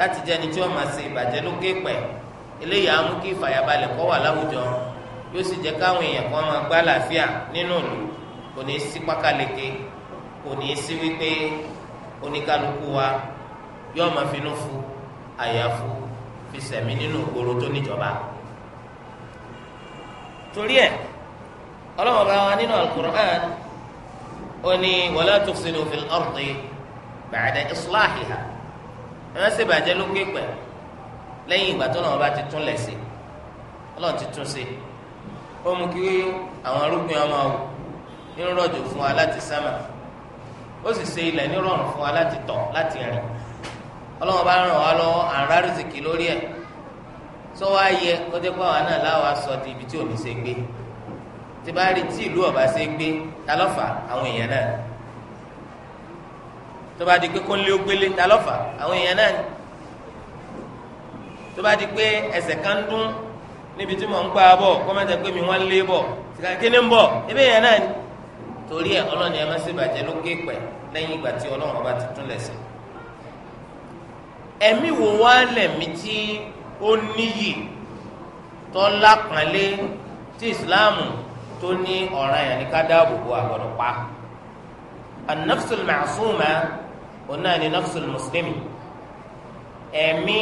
[SPEAKER 1] láti jẹ́ ẹni tí ó máa ṣe ìbàjẹ́ lókè pẹ̀ eléyìí á kí ìfàyàbalẹ̀ kó wà láwùjọ yóò sì jẹ́ káwọn èèyàn kan máa gbá làáfíà nínú ìlú kò ní í sí pákáleke kò ní í sí wípé oníkálukú wa yóò máa finú fu àyàfu fi sẹ̀mí nínú ìgboro tó níjọba torí ẹ̀ ọlọ́wọ́ bá wa nínú al-Qur'an ó ní wala tufsidu fil ardi ba'da islahiha wọ́n sì bàjẹ́ ló gbé pẹ̀ lẹ́yìn ìgbà tó náà bá ti tún lẹ̀ sí ọlọ́run ti tún sí ó mú kí àwọn arúgbìn ọmọ wò ń fún wa láti sámà ó sì ṣe ilẹ̀ nírọ̀rùn fún wa láti tọ̀ láti rìn ọlọ́wọ́n bá ràn wá lọ́wọ́ àrárìsìkì lórí ẹ̀ tó wá yẹ kọjá pé àwọn náà láwa sọ di ibi tí ò ní ṣe gbé tí bá rí tí ìlú ọba ṣe gbé ta lọ́fà àwọn èèyàn náà tó bá di pé kó ń lé ó gbélé ta lọ́fà àwọn èèyàn náà ni tó bá di pé ẹsẹ̀ kan ń dún níbi tí mò ń gbà bọ̀ kó má jẹ pé mi wọ́n lé bọ̀ sìkà kí ni ń bọ̀ ebe èèyàn náà ni torí ẹ̀ ọlọ́ni ẹ má ṣe bàjẹ́ ló ké pẹ̀ lẹ́yìn ìgbà tí ọlọ́run ọba ti tún sí i ẹ̀mí wo wá lẹ̀mí tí ó níyì tó lápọ̀nlé tí ìsìláàmù tó ní ọ̀ràn yẹn ní ká dáàbò bo àgbọ̀dọ̀ pa anafsul maasuma ona ni nafsul muslimi ẹ̀mí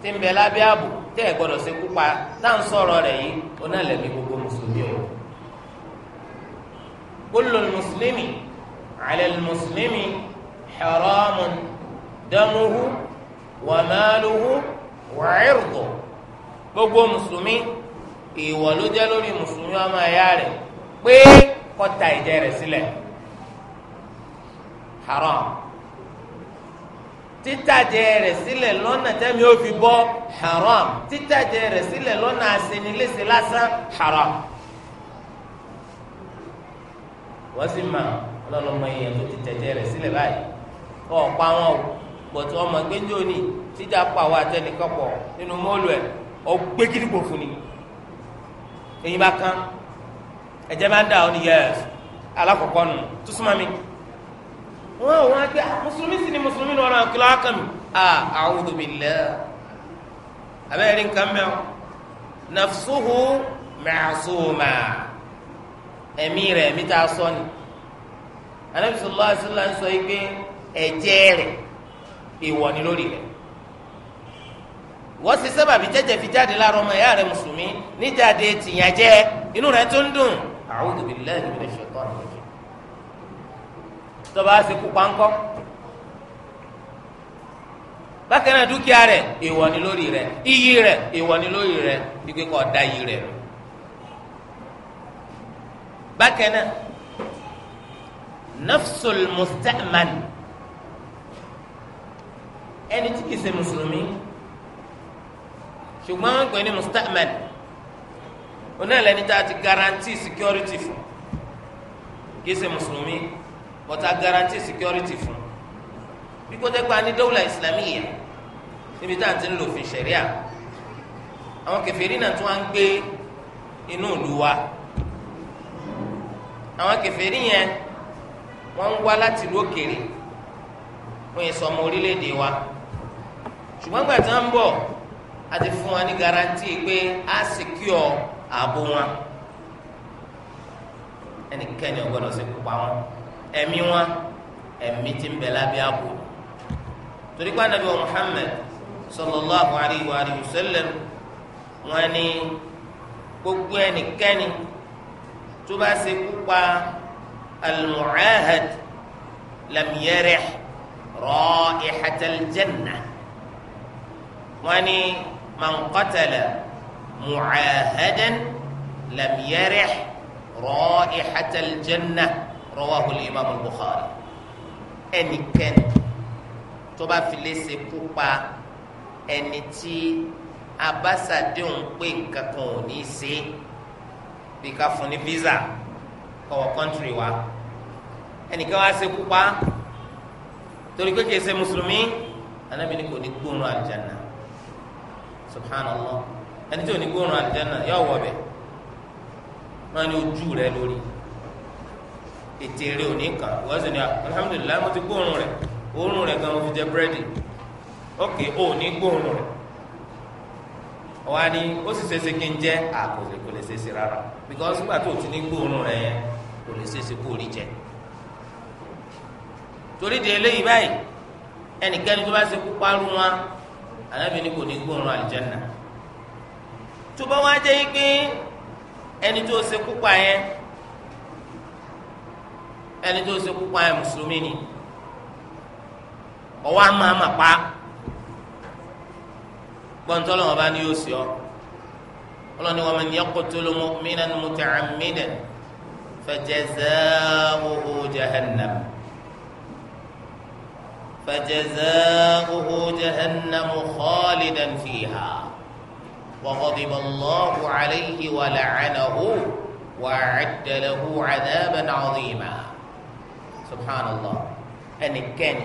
[SPEAKER 1] tí ń bẹ lábẹ́ ààbò tẹ́ ẹ̀ gbọ́dọ̀ ṣe kúpa tá ń sọ̀rọ̀ rẹ̀ yìí ona lẹ̀mí gbogbo mùsùlùmí o kullu muslimi ala muslimi haramun damuhu wa maluhu wa irdu gbogbo mùsùlùmí ìwọ ló jẹ́ lórí mùsùlùmí ọmọ ẹ̀yà rẹ̀ pé kó ta ẹ̀jẹ̀ rẹ̀ sílẹ̀ haram títàjẹ̀ rẹ̀ sílẹ̀ lọ́nà tẹ́mi ó fi bọ́ haram títàjẹ̀ rẹ̀ sílẹ̀ lọ́nà àṣenilése lásán haram wọ́n sì mà ọlọ́lọ́mọ èèyàn tó ti tẹ̀jẹ̀ rẹ̀ sílẹ̀ báyìí kọ́ ọ̀pá wọn o bọ̀tù ọmọ gbẹ́njọ́ ni tíjà pa àwọn àtẹnìkan pọ̀ nínú mọ́ọ̀lù ẹ̀ ọgbẹ́ gidigbò fún ni èyí bá kán ẹ̀jẹ̀ bá ń dà ọ́ ni yẹ́s alákọ̀ọ́kọ́ nù tó súnmọ́ mi wọ́n ò wọ́n á gbé ah, mùsùlùmí sì ni mùsùlùmí ni wọ́n náà kí lọ́wọ́ kàn mí ah, a'udhu billah abẹ́rẹ́ nǹkan mẹ́wọ́ nafsuhu ma'suma ẹ̀mí rẹ̀ ẹ̀mí tá sọ ni anabi sallallahu alaihi yìí pé ẹ̀jẹ̀ rẹ̀ èèwọ̀ ni lórí rẹ̀ wọ́n sì sábàbí jẹ́jẹ́ fi jáde láàárọ̀ ọmọ ìyá rẹ̀ mùsùlùmí níjáde tìyàn jẹ́ inú rẹ̀ tó ń dùn a'udhu billahi minash shaitani rajim tọ́ba á sì kú pánkọ́ bákan náà dúkìá rẹ̀ èèwọ̀ ni lórí rẹ̀ iyì rẹ̀ èèwọ̀ ni lórí rẹ̀ gbígbé kọ́ da iyì rẹ̀ rẹ̀ bákan náà nafsul musta'man ẹni tí kìí ṣe mùsùlùmí ṣùgbọ́n wọ́n ń pè ní musta'man onílẹ̀ni tá a ti garanti security fún kìí ṣe mùsùlùmí but a garanti security fún bí kò tẹ́ pa ní dawla islamiyya níbi tá à ń ti ń lò fi ṣẹ̀ríà àwọn kèfèrí náà tún wá ń gbé inú ìlú wa àwọn kèfèrí yẹn wọ́n ń wá láti ìlú wọ́n yẹn sọ ọmọ orílẹ̀-èdè wa ṣùgbọ́n gbà tí wọ́n ń bọ̀ a ti fún wa ní garanti pé a secure ààbò wọn ẹnikẹ́ni ò gbọ́dọ̀ sí pupa wọn ẹ̀mí wọn ẹ̀mí ti ń bẹ lábẹ́ ààbò torí pé anabi wa Muhammad sallallahu alayhi wa alayhi wa sallam wọn ni gbogbo ẹnikẹ́ni tó bá ṣe pupa al-mu'ahad lam yarih ra'ihatal wọ́n ní man qatala mu'ahadan lam yarih ra'ihatal jannah rawahu al-imam al-bukhari ẹnikẹ́ni tó bá fi lè ṣe kú pa ẹni tí abásàdéhùn pé nǹkan kan ò ní í ṣe bí visa kọ̀wọ̀ kọ́ńtìrì wa ẹnìkan wá ṣekú pa torí pé kìí ṣe mùsùlùmí anábì ní kò subhanallah ẹni tí ò ní gbóòórùn àlìjáná yóò wọ bẹ máa ní ojú rẹ lórí ètè rẹ ò ní kàn wọ́n sì ní alhamdulilayi mo ti gbóòórùn rẹ òórùn rẹ gan mo fi jẹ búrẹ́dì ok ò ní gbóòórùn rẹ wọ́n á ní ó sì ṣeéṣe kí n jẹ́ àkòlè kò lè ṣeéṣe rárá because nígbà tó o ti ní gbóòórùn rẹ yẹn kò lè ṣeéṣe kó o rí jẹ torí di eléyìí báyìí ẹnikẹ́ni tó bá ṣe kú parun wa anábì ní kò ní gbóòórùn àlìjáná tó bá wá jẹ́ pé ẹni tó ṣe kúpa yẹn ẹni tó ṣe kúpa yẹn mùsùlùmí ni ọwọ́ àmọ́ àmọ́ pa gbọ́ntọ́ lọ́wọ́ bá ní yóò sí ọ ọlọ́ni wa man yaqtulu mu'minan muta'ammidan fajazā'uhu jahannam. فجزاؤه جهنم خالدا فيها وغضب الله عليه ولعنه وأعد له عذابا عظيما سبحان الله ẹnikẹ́ni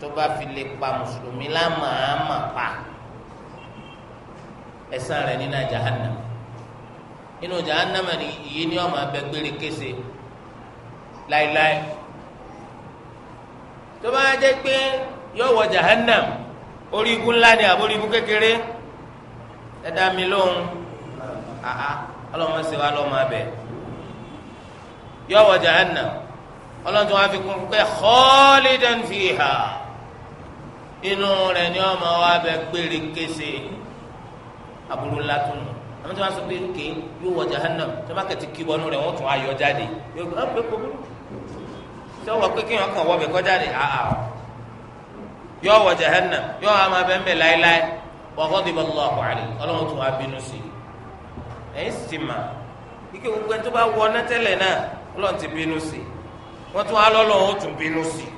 [SPEAKER 1] tó bá fi lè pa mùsùlùmí lámàámà pa ẹ̀san rẹ̀ nínú jahannam inú jahannam ni iye ni ó máa bẹ gbére kése láéláé. Like, like tó bá jẹ́ pé yóò wọ jahannam orí igun ńlá ni àbórí igun kékeré ẹ dá mi lóhùn àá ọlọ́mọ ṣe wá lọ́mọ abẹ yóò wọ jahannam ọlọ́run tó fi kún pé khalidan fiha inú rẹ̀ ni ọmọ wa bẹ gbére kése aburú ńlá tó nù àwọn tó wá sọ pé kéé yóò wọ jahannam tó bá kẹ́tì kí wọnú rẹ̀ wọ́n tún ayọ̀ jáde yóò gbé ọ̀pẹ̀ ah, kò burú tí wọ́n pé kéèyàn kàn wọ́bẹ̀ kọjá de àhà o yọ wọ jahannam yọ wọ ama bẹ́ẹ̀ bẹ́ẹ̀ láéláé wọ́n kọ́ ti bọ́ lọ́wọ́ àlè ọlọ́run tún wá bínú sí i ẹ̀yìn sì mà ike gbogbo ẹni tó bá wọ ọ́nà tẹ́lẹ̀ náà ọlọ́run ti bínú sí i wọ́n tún wá lọ́lọ́run ó tún bínú sí i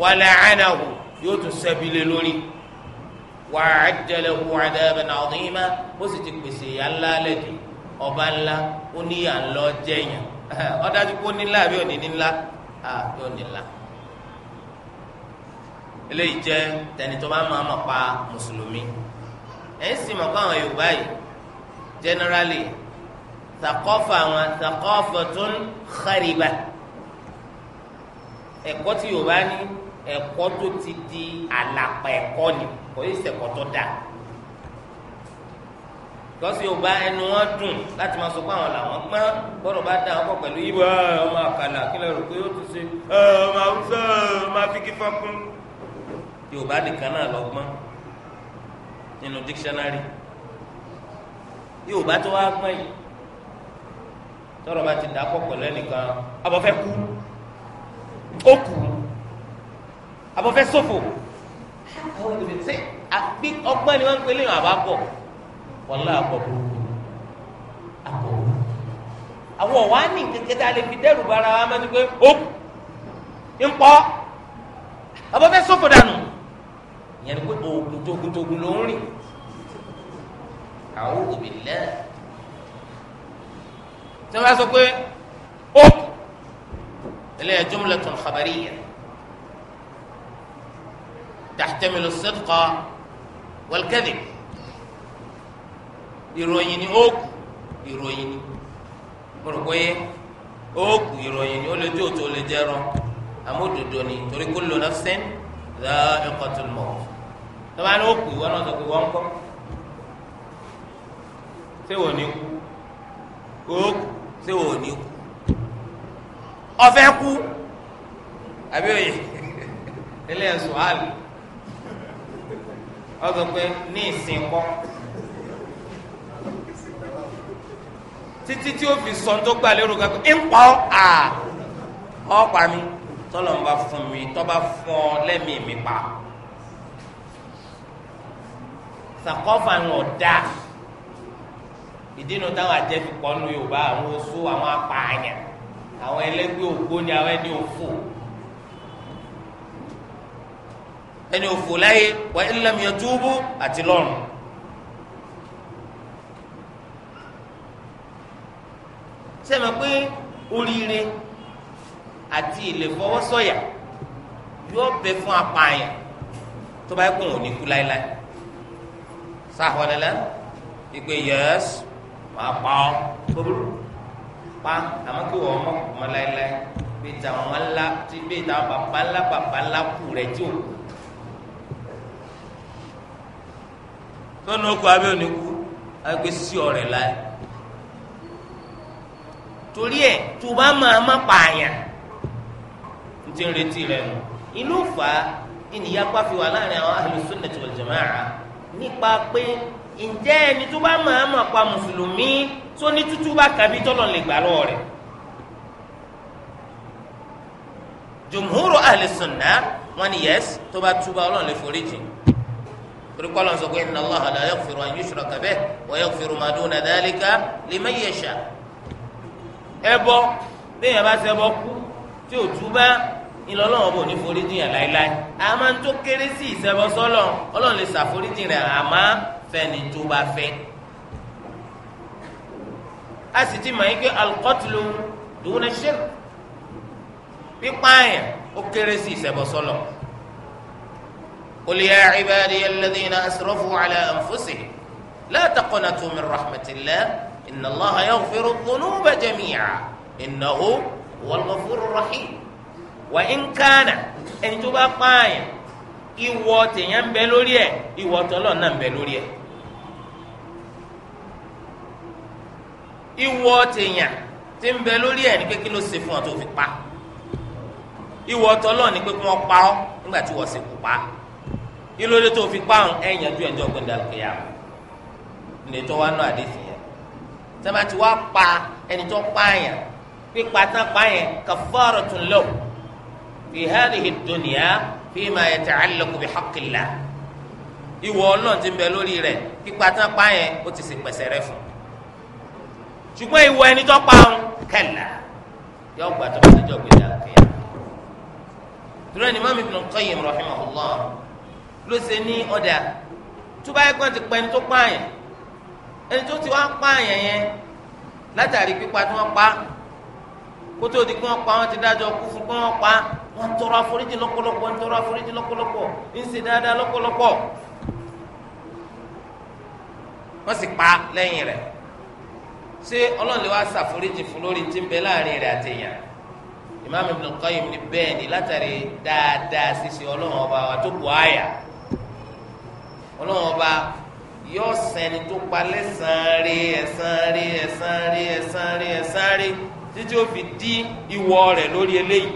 [SPEAKER 1] wàlẹ̀ ànáwó yóò tún sẹ́bilé lórí wàhádẹ́lẹ̀ wàhádẹ́lẹ̀ náà ọ̀dọ́ yìí má ó sì ti pèsè ìyá ńlá lẹ́dí ọba ńlá ó níyà ńlọ jẹ́yàn ọdájú kó nílá àbí òní nílá àbí òní nílá eléyìí jẹ tẹni tó bá máa mọ̀ pa mùsùlùmí ẹ̀ sì mọ̀ pa àwọn yorùbá yìí generally takọ́fà àwọn takọ́fà tó ń xariba ẹ̀kọ́ tí yorùbá ní ẹ̀kọ́ tó ti di àlàpà ẹ̀kọ́ ni kò í sẹ̀kọ́ tó dáa kọ́sí yorùbá ẹnu wọn dùn láti máa sọ pé àwọn làwọn gbọ́n bọ́dọ̀ bá dá ọkọ̀ pẹ̀lú ibò ọmọ àkàlà kí lè rò pé ó tún ṣe ọmọ àwùjọ ọmọ afikí fọ́kún.
[SPEAKER 2] yorùbá nìkan náà lọ
[SPEAKER 1] gbọ́n nínú dictionary yorùbá tó wá gbọ́n yìí tọ́rọ̀ bá ti dà pọ̀ pẹ̀lú ẹnìkan abọ́fẹ́ kú ó kú abọ́fẹ́ ṣòfò àwọn ènìyàn ṣe àgbẹ̀ ọgbọ́n ni wọ́n ń pè léyìn àbá bọ̀. wàlá àpọ̀bù àpọ̀bù àwọn ọ̀wá ní kẹ̀kẹ́ tá lè fi dẹ́rù bara wa máa ń pẹ́ ó ń pọ́ abọ́fẹ́ sọ́fò dànù ìyẹn ni pé o tógun tógun ló ń rìn àwọn òbí lẹ́ tí wọ́n bá sọ pé ó eléyà jumlatun khabariyya tahtamilu as-sidqa wal-kadhib. ìròyìn ni ó kù ìròyìn ni mo rò pé ó kù ìròyìn ni ó lè jó tó lè jẹ́ rọ àmọ́ òdodo ni torí kullu nafsin dha'iqatul maut tọ́ba ni ó ìwọ náà sọ wọ́n kọ́ ṣé wò kú ó kù ṣé kú ọ̀fẹ́ kú àbí òye eléyà sùhálù ọ̀sọ̀ pé ní ìsìn kọ́. títí tí ó fi sọ tó gbà lérò kankan ń pọ̀ à ọ́ pa mi tọ́lọ̀ ń bá fún mi tọ́ bá fún ọ lẹ́mìí mi pa sàkọ́fà ń ọ̀dà ìdínú táwọn àjẹbí pọ̀ nù Yorùbá àwọn oṣù àwọn apààyàn àwọn ẹlẹ́gbẹ́ ògbóni àwọn ẹni òfò ẹni òfò láyé wà ilẹ̀ mi ẹ̀ àti lọ́rùn. sẹ́mi pé oríire àti ìlẹ̀fọwọ́sọ̀yà yóò bẹ fún apààyàn tó bá yẹ kó wọn ò ní kú láéláé sáhọ́lẹ́lẹ́ ìpè yẹ́s máa pa ọ́ kóbúrú pa àmọ́ kí wọ́n mọ̀ kó mọ́ láéláé bí táwọn ńlá tí bí táwọn bàbá ńlá bàbá ńlá kù rẹ̀ tí ò kú. tó ní okùn abẹ́ òní kú agbésí ọ̀rẹ́ láyé torí ẹ̀ tó bá máa má pààyàn n ti retí rẹ nù ìlú fà á ìníyàpá fi wà láàrin àwọn ahlu sunnati wal jamaa'ah nípa pé ǹjẹ́ ẹni tó bá máa má pa mùsùlùmí tó ní tútú bá kàbí tọ́lọ̀ lè gbà lọ́wọ́ rẹ̀ jumhuru ahlu sunnah wọn ni yẹs tó bá túbà ọlọ́run lè forí jìn torí kọ́ sọ pé inna Allaha la yaghfiru an yushraka bihi wa yaghfiru ma duna dhalika liman yasha' ẹbọ bẹ́ẹ̀ bá ṣẹbọ kú tí ò túbá ìlọlọ́wọ́ bò ní foríjìn yàn láéláé àmọ́ ń tó kéré sí ìṣẹbọ sọ́lọ̀ ọlọ́run lè ṣàforíjìn rẹ̀ àmọ́ fẹ́ni tó bá fẹ́. a sì ti mọ̀ yín pé alukọ́tìlú dùnúnà ṣẹ́rù pípáyàn ó kéré sí ìṣẹbọ sọ́lọ̀. قل يا عبادي الذين أسرفوا على أنفسهم لا تقنطوا من رحمة الله inna الله يغفر الذنوب جميعا، innahu huwal ghafurur الرحيم، wa كان kana ẹni tó bá pààyàn ìwọ tèèyàn ń bẹ lórí ẹ ìwọ tọlọ náà ń bẹ lórí ẹ ìwọ tèèyàn ti ń bẹ lórí ẹ ní pé kí ló ṣe fún ọ tó fi pa ìwọ tọlọ ní pé kí wọn pa ọ nígbà tí wọn sì kú pa ìlódé tó fi pa ọ ẹ̀yìn ẹjọ́ ẹjọ́ gbẹndàlùkẹyà ní ètò wa náà àdéhùn sẹ́mi àti wá pa ẹni tó pààyàn pípa tán pààyàn kafaratun lahu fi hadhihi dunya fima yata'allaqu bihaqqillah ìwọ ọlọ́run ti ń bẹ lórí rẹ̀ pípa tán pààyàn ó ti sì pẹ̀sẹ̀ rẹ fún ṣùgbọ́n ìwọ ẹni tó pa ń kẹlà yọ gbà tó bá dẹjọ́ gbé dàrú kẹyà turẹ ni Imam Ibn Qayyim rahimahullah ló ṣe ní ọ̀dà tó bá yẹ kó ti pẹ́ni tó pààyàn ẹni tó ti wá ń pa àyàn yẹn látàrí pípa tí wọ́n pa kótó di kí wọ́n pa wọ́n ti dájọ́ kú fún kí wọ́n pa wọ́n tọrọ àforíjì lọ́pọ̀lọpọ̀ ń tọrọ àforíjì lọ́pọ̀lọpọ̀ ń ṣe dáadáa lọ́pọ̀lọpọ̀ wọ́n sì pa lẹ́yìn rẹ̀ ṣé ọlọ́run lè wá ṣàforíjì fún lórí tí ń bẹ láàrin rẹ̀ àti èèyàn Imam Ibn Qayyim ní bẹ́ẹ̀ ni látàrí dáadáa ṣíṣe ọlọ́run ọba wa tó bu àyà ọlọ́run ọba yóò sẹni tó pa lẹ́sàn-án rí ẹ̀sán rí ẹ̀sán rí ẹ̀sán rí ẹ̀sán rí títí ó fi dí ìwọ rẹ̀ lórí eléyìí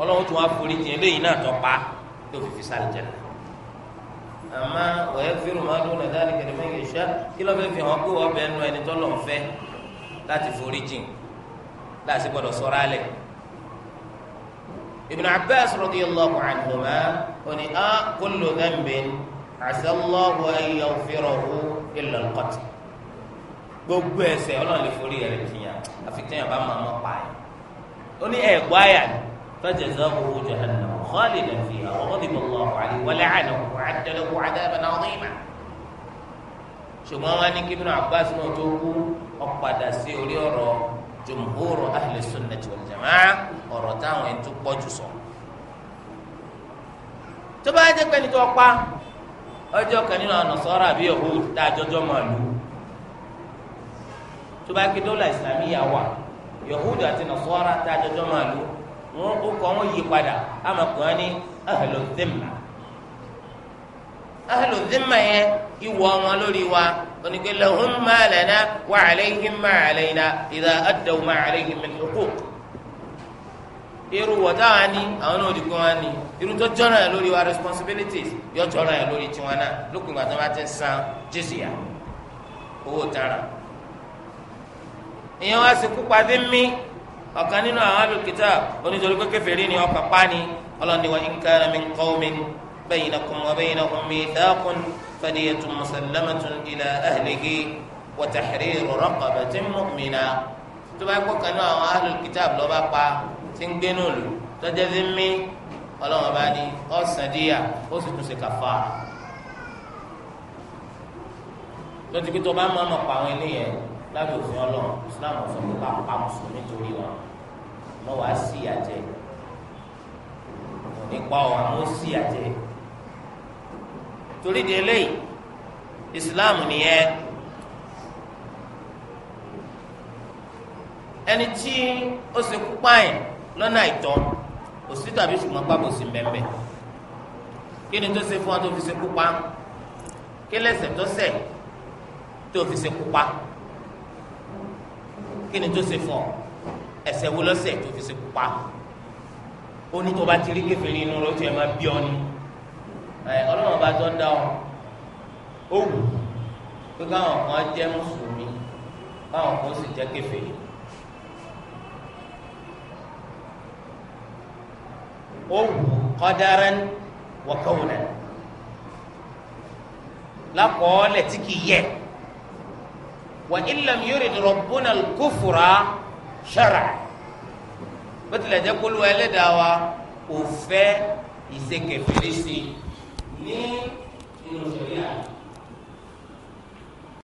[SPEAKER 1] ọlọ́run tó wá forí jìn eléyìí náà tó pa tó fi fi sáré jẹ náà àmọ́ ọ̀yẹ́ fírù máa dún nàdá ní kẹ̀lẹ́ mẹ́rin ìṣá kí ló fẹ́ fi hàn pé wọ́n bẹ ẹni tó lọ́n fẹ́ láti forí jìn láti gbọ́dọ̀ sọ́ra lẹ̀. Ibn Abbas radiyallahu anhuma ó ní á kullu dhanbin àṣà Allahu an yaghfirahu illa al-qatl gbogbo ẹ̀ṣẹ̀ Ọlọ́run lè forí rẹ̀ jiyàn àfi téèyàn bá máa mọ pààyàn ó ní ẹgbọ àyà fajazahu jahannam khalidan fiha wa ghadiba Allahu alayhi wa la'anahu wa 'adda lahu 'adaban 'azima ṣùgbọ́n wọn ní kíbínú Abbas náà tó kú ọ̀padà sí orí ọ̀rọ̀ jumhur ahli sunnati wal jamaa ọ̀rọ̀ táwọn ẹni tó pọ̀ tó bá jẹ́ pẹ́ni tó pa ọjọ́ kan nínú àwọn nọ̀sọ́rọ̀ àbí ọ̀hó tá a jọjọ́ máa lò tó bá ké dọ́là ìsìlámì yà wà yahudu àti nasara tá a jọjọ máa lò wọn ó kọ wọn yí padà àmọ́ kàn án ní ahlu dhimma ahlu dhimma yẹn ìwọ wọn lórí wa onígbẹlẹ hum ma lana wa alayhim ma alayna idha addaw ma alayhim min huquq irú wọ̀tá wa ní àwọn náà òdìgbò wa ní irú tó jọ́nà yẹn lórí wa responsibilities yọ jọ́nà yẹn lórí tiwọn náà lópin ìgbà tó bá ti ń san jésìyà owó tara ìyẹn wá sí kópa dé mí ọ̀kan nínú àwọn alùkìtà onítorí pé kèfèrí ni ọkàn pa ni ọlọ́ni wa in kana min qawmin baynakum wa baynahum mithaqun fadiyatun musallamatun ila ahlihi wa tahriru raqabatin mu'mina tó bá kọ́kan nínú àwọn alùkìtà lọ́ba pa tí ń gbénú lò tọ́jú fi ń mí ọlọ́run bá ní ọ̀sán díyà ó sì tún ṣe kàfà lọ́tí pé tó bá mọ̀ ọmọ pa àwọn eléyẹn lábẹ́ òfin ọlọ́run Islam ọ̀sán tó bá pa mùsùlùmí torí wọn mọ̀ wá sí àjẹ nípa ọ̀ àwọn sí àjẹ torí di eléyìí Islam nìyẹn ẹni tí ó ṣe kú pààyàn lọ́nà àìtọ́ òsì tàbí ṣùgbọ́n pápọ̀ sí mbẹ́mbẹ́ kí ni tó ṣe fún wa tó fi ṣe kú pa kí lẹ́sẹ̀ tó ṣẹ̀ tó fi ṣe kú pa kí ni tó ṣe fún ọ ẹ̀ṣẹ̀ wo lọ́sẹ̀ tó fi ṣe kú pa ó ní tó bá ti rí kèfèrí inú ló tiẹ̀ máa bí ọ ni ọlọ́run bá tọ́ da ọ ó wù pé káwọn kan jẹ́ mùsùlùmí káwọn kan sì jẹ́ kèfèrí ó wù qadaran wa kawnan lakọọlẹ tí kì í yẹ wa illam yurid rabbuna al-kufra shar'a bó tilẹ̀ jẹ́ kó Olúwa ẹlẹ́dàá wa kò fẹ́ ìṣe kèfèrí sí ní inú sẹ̀ríà.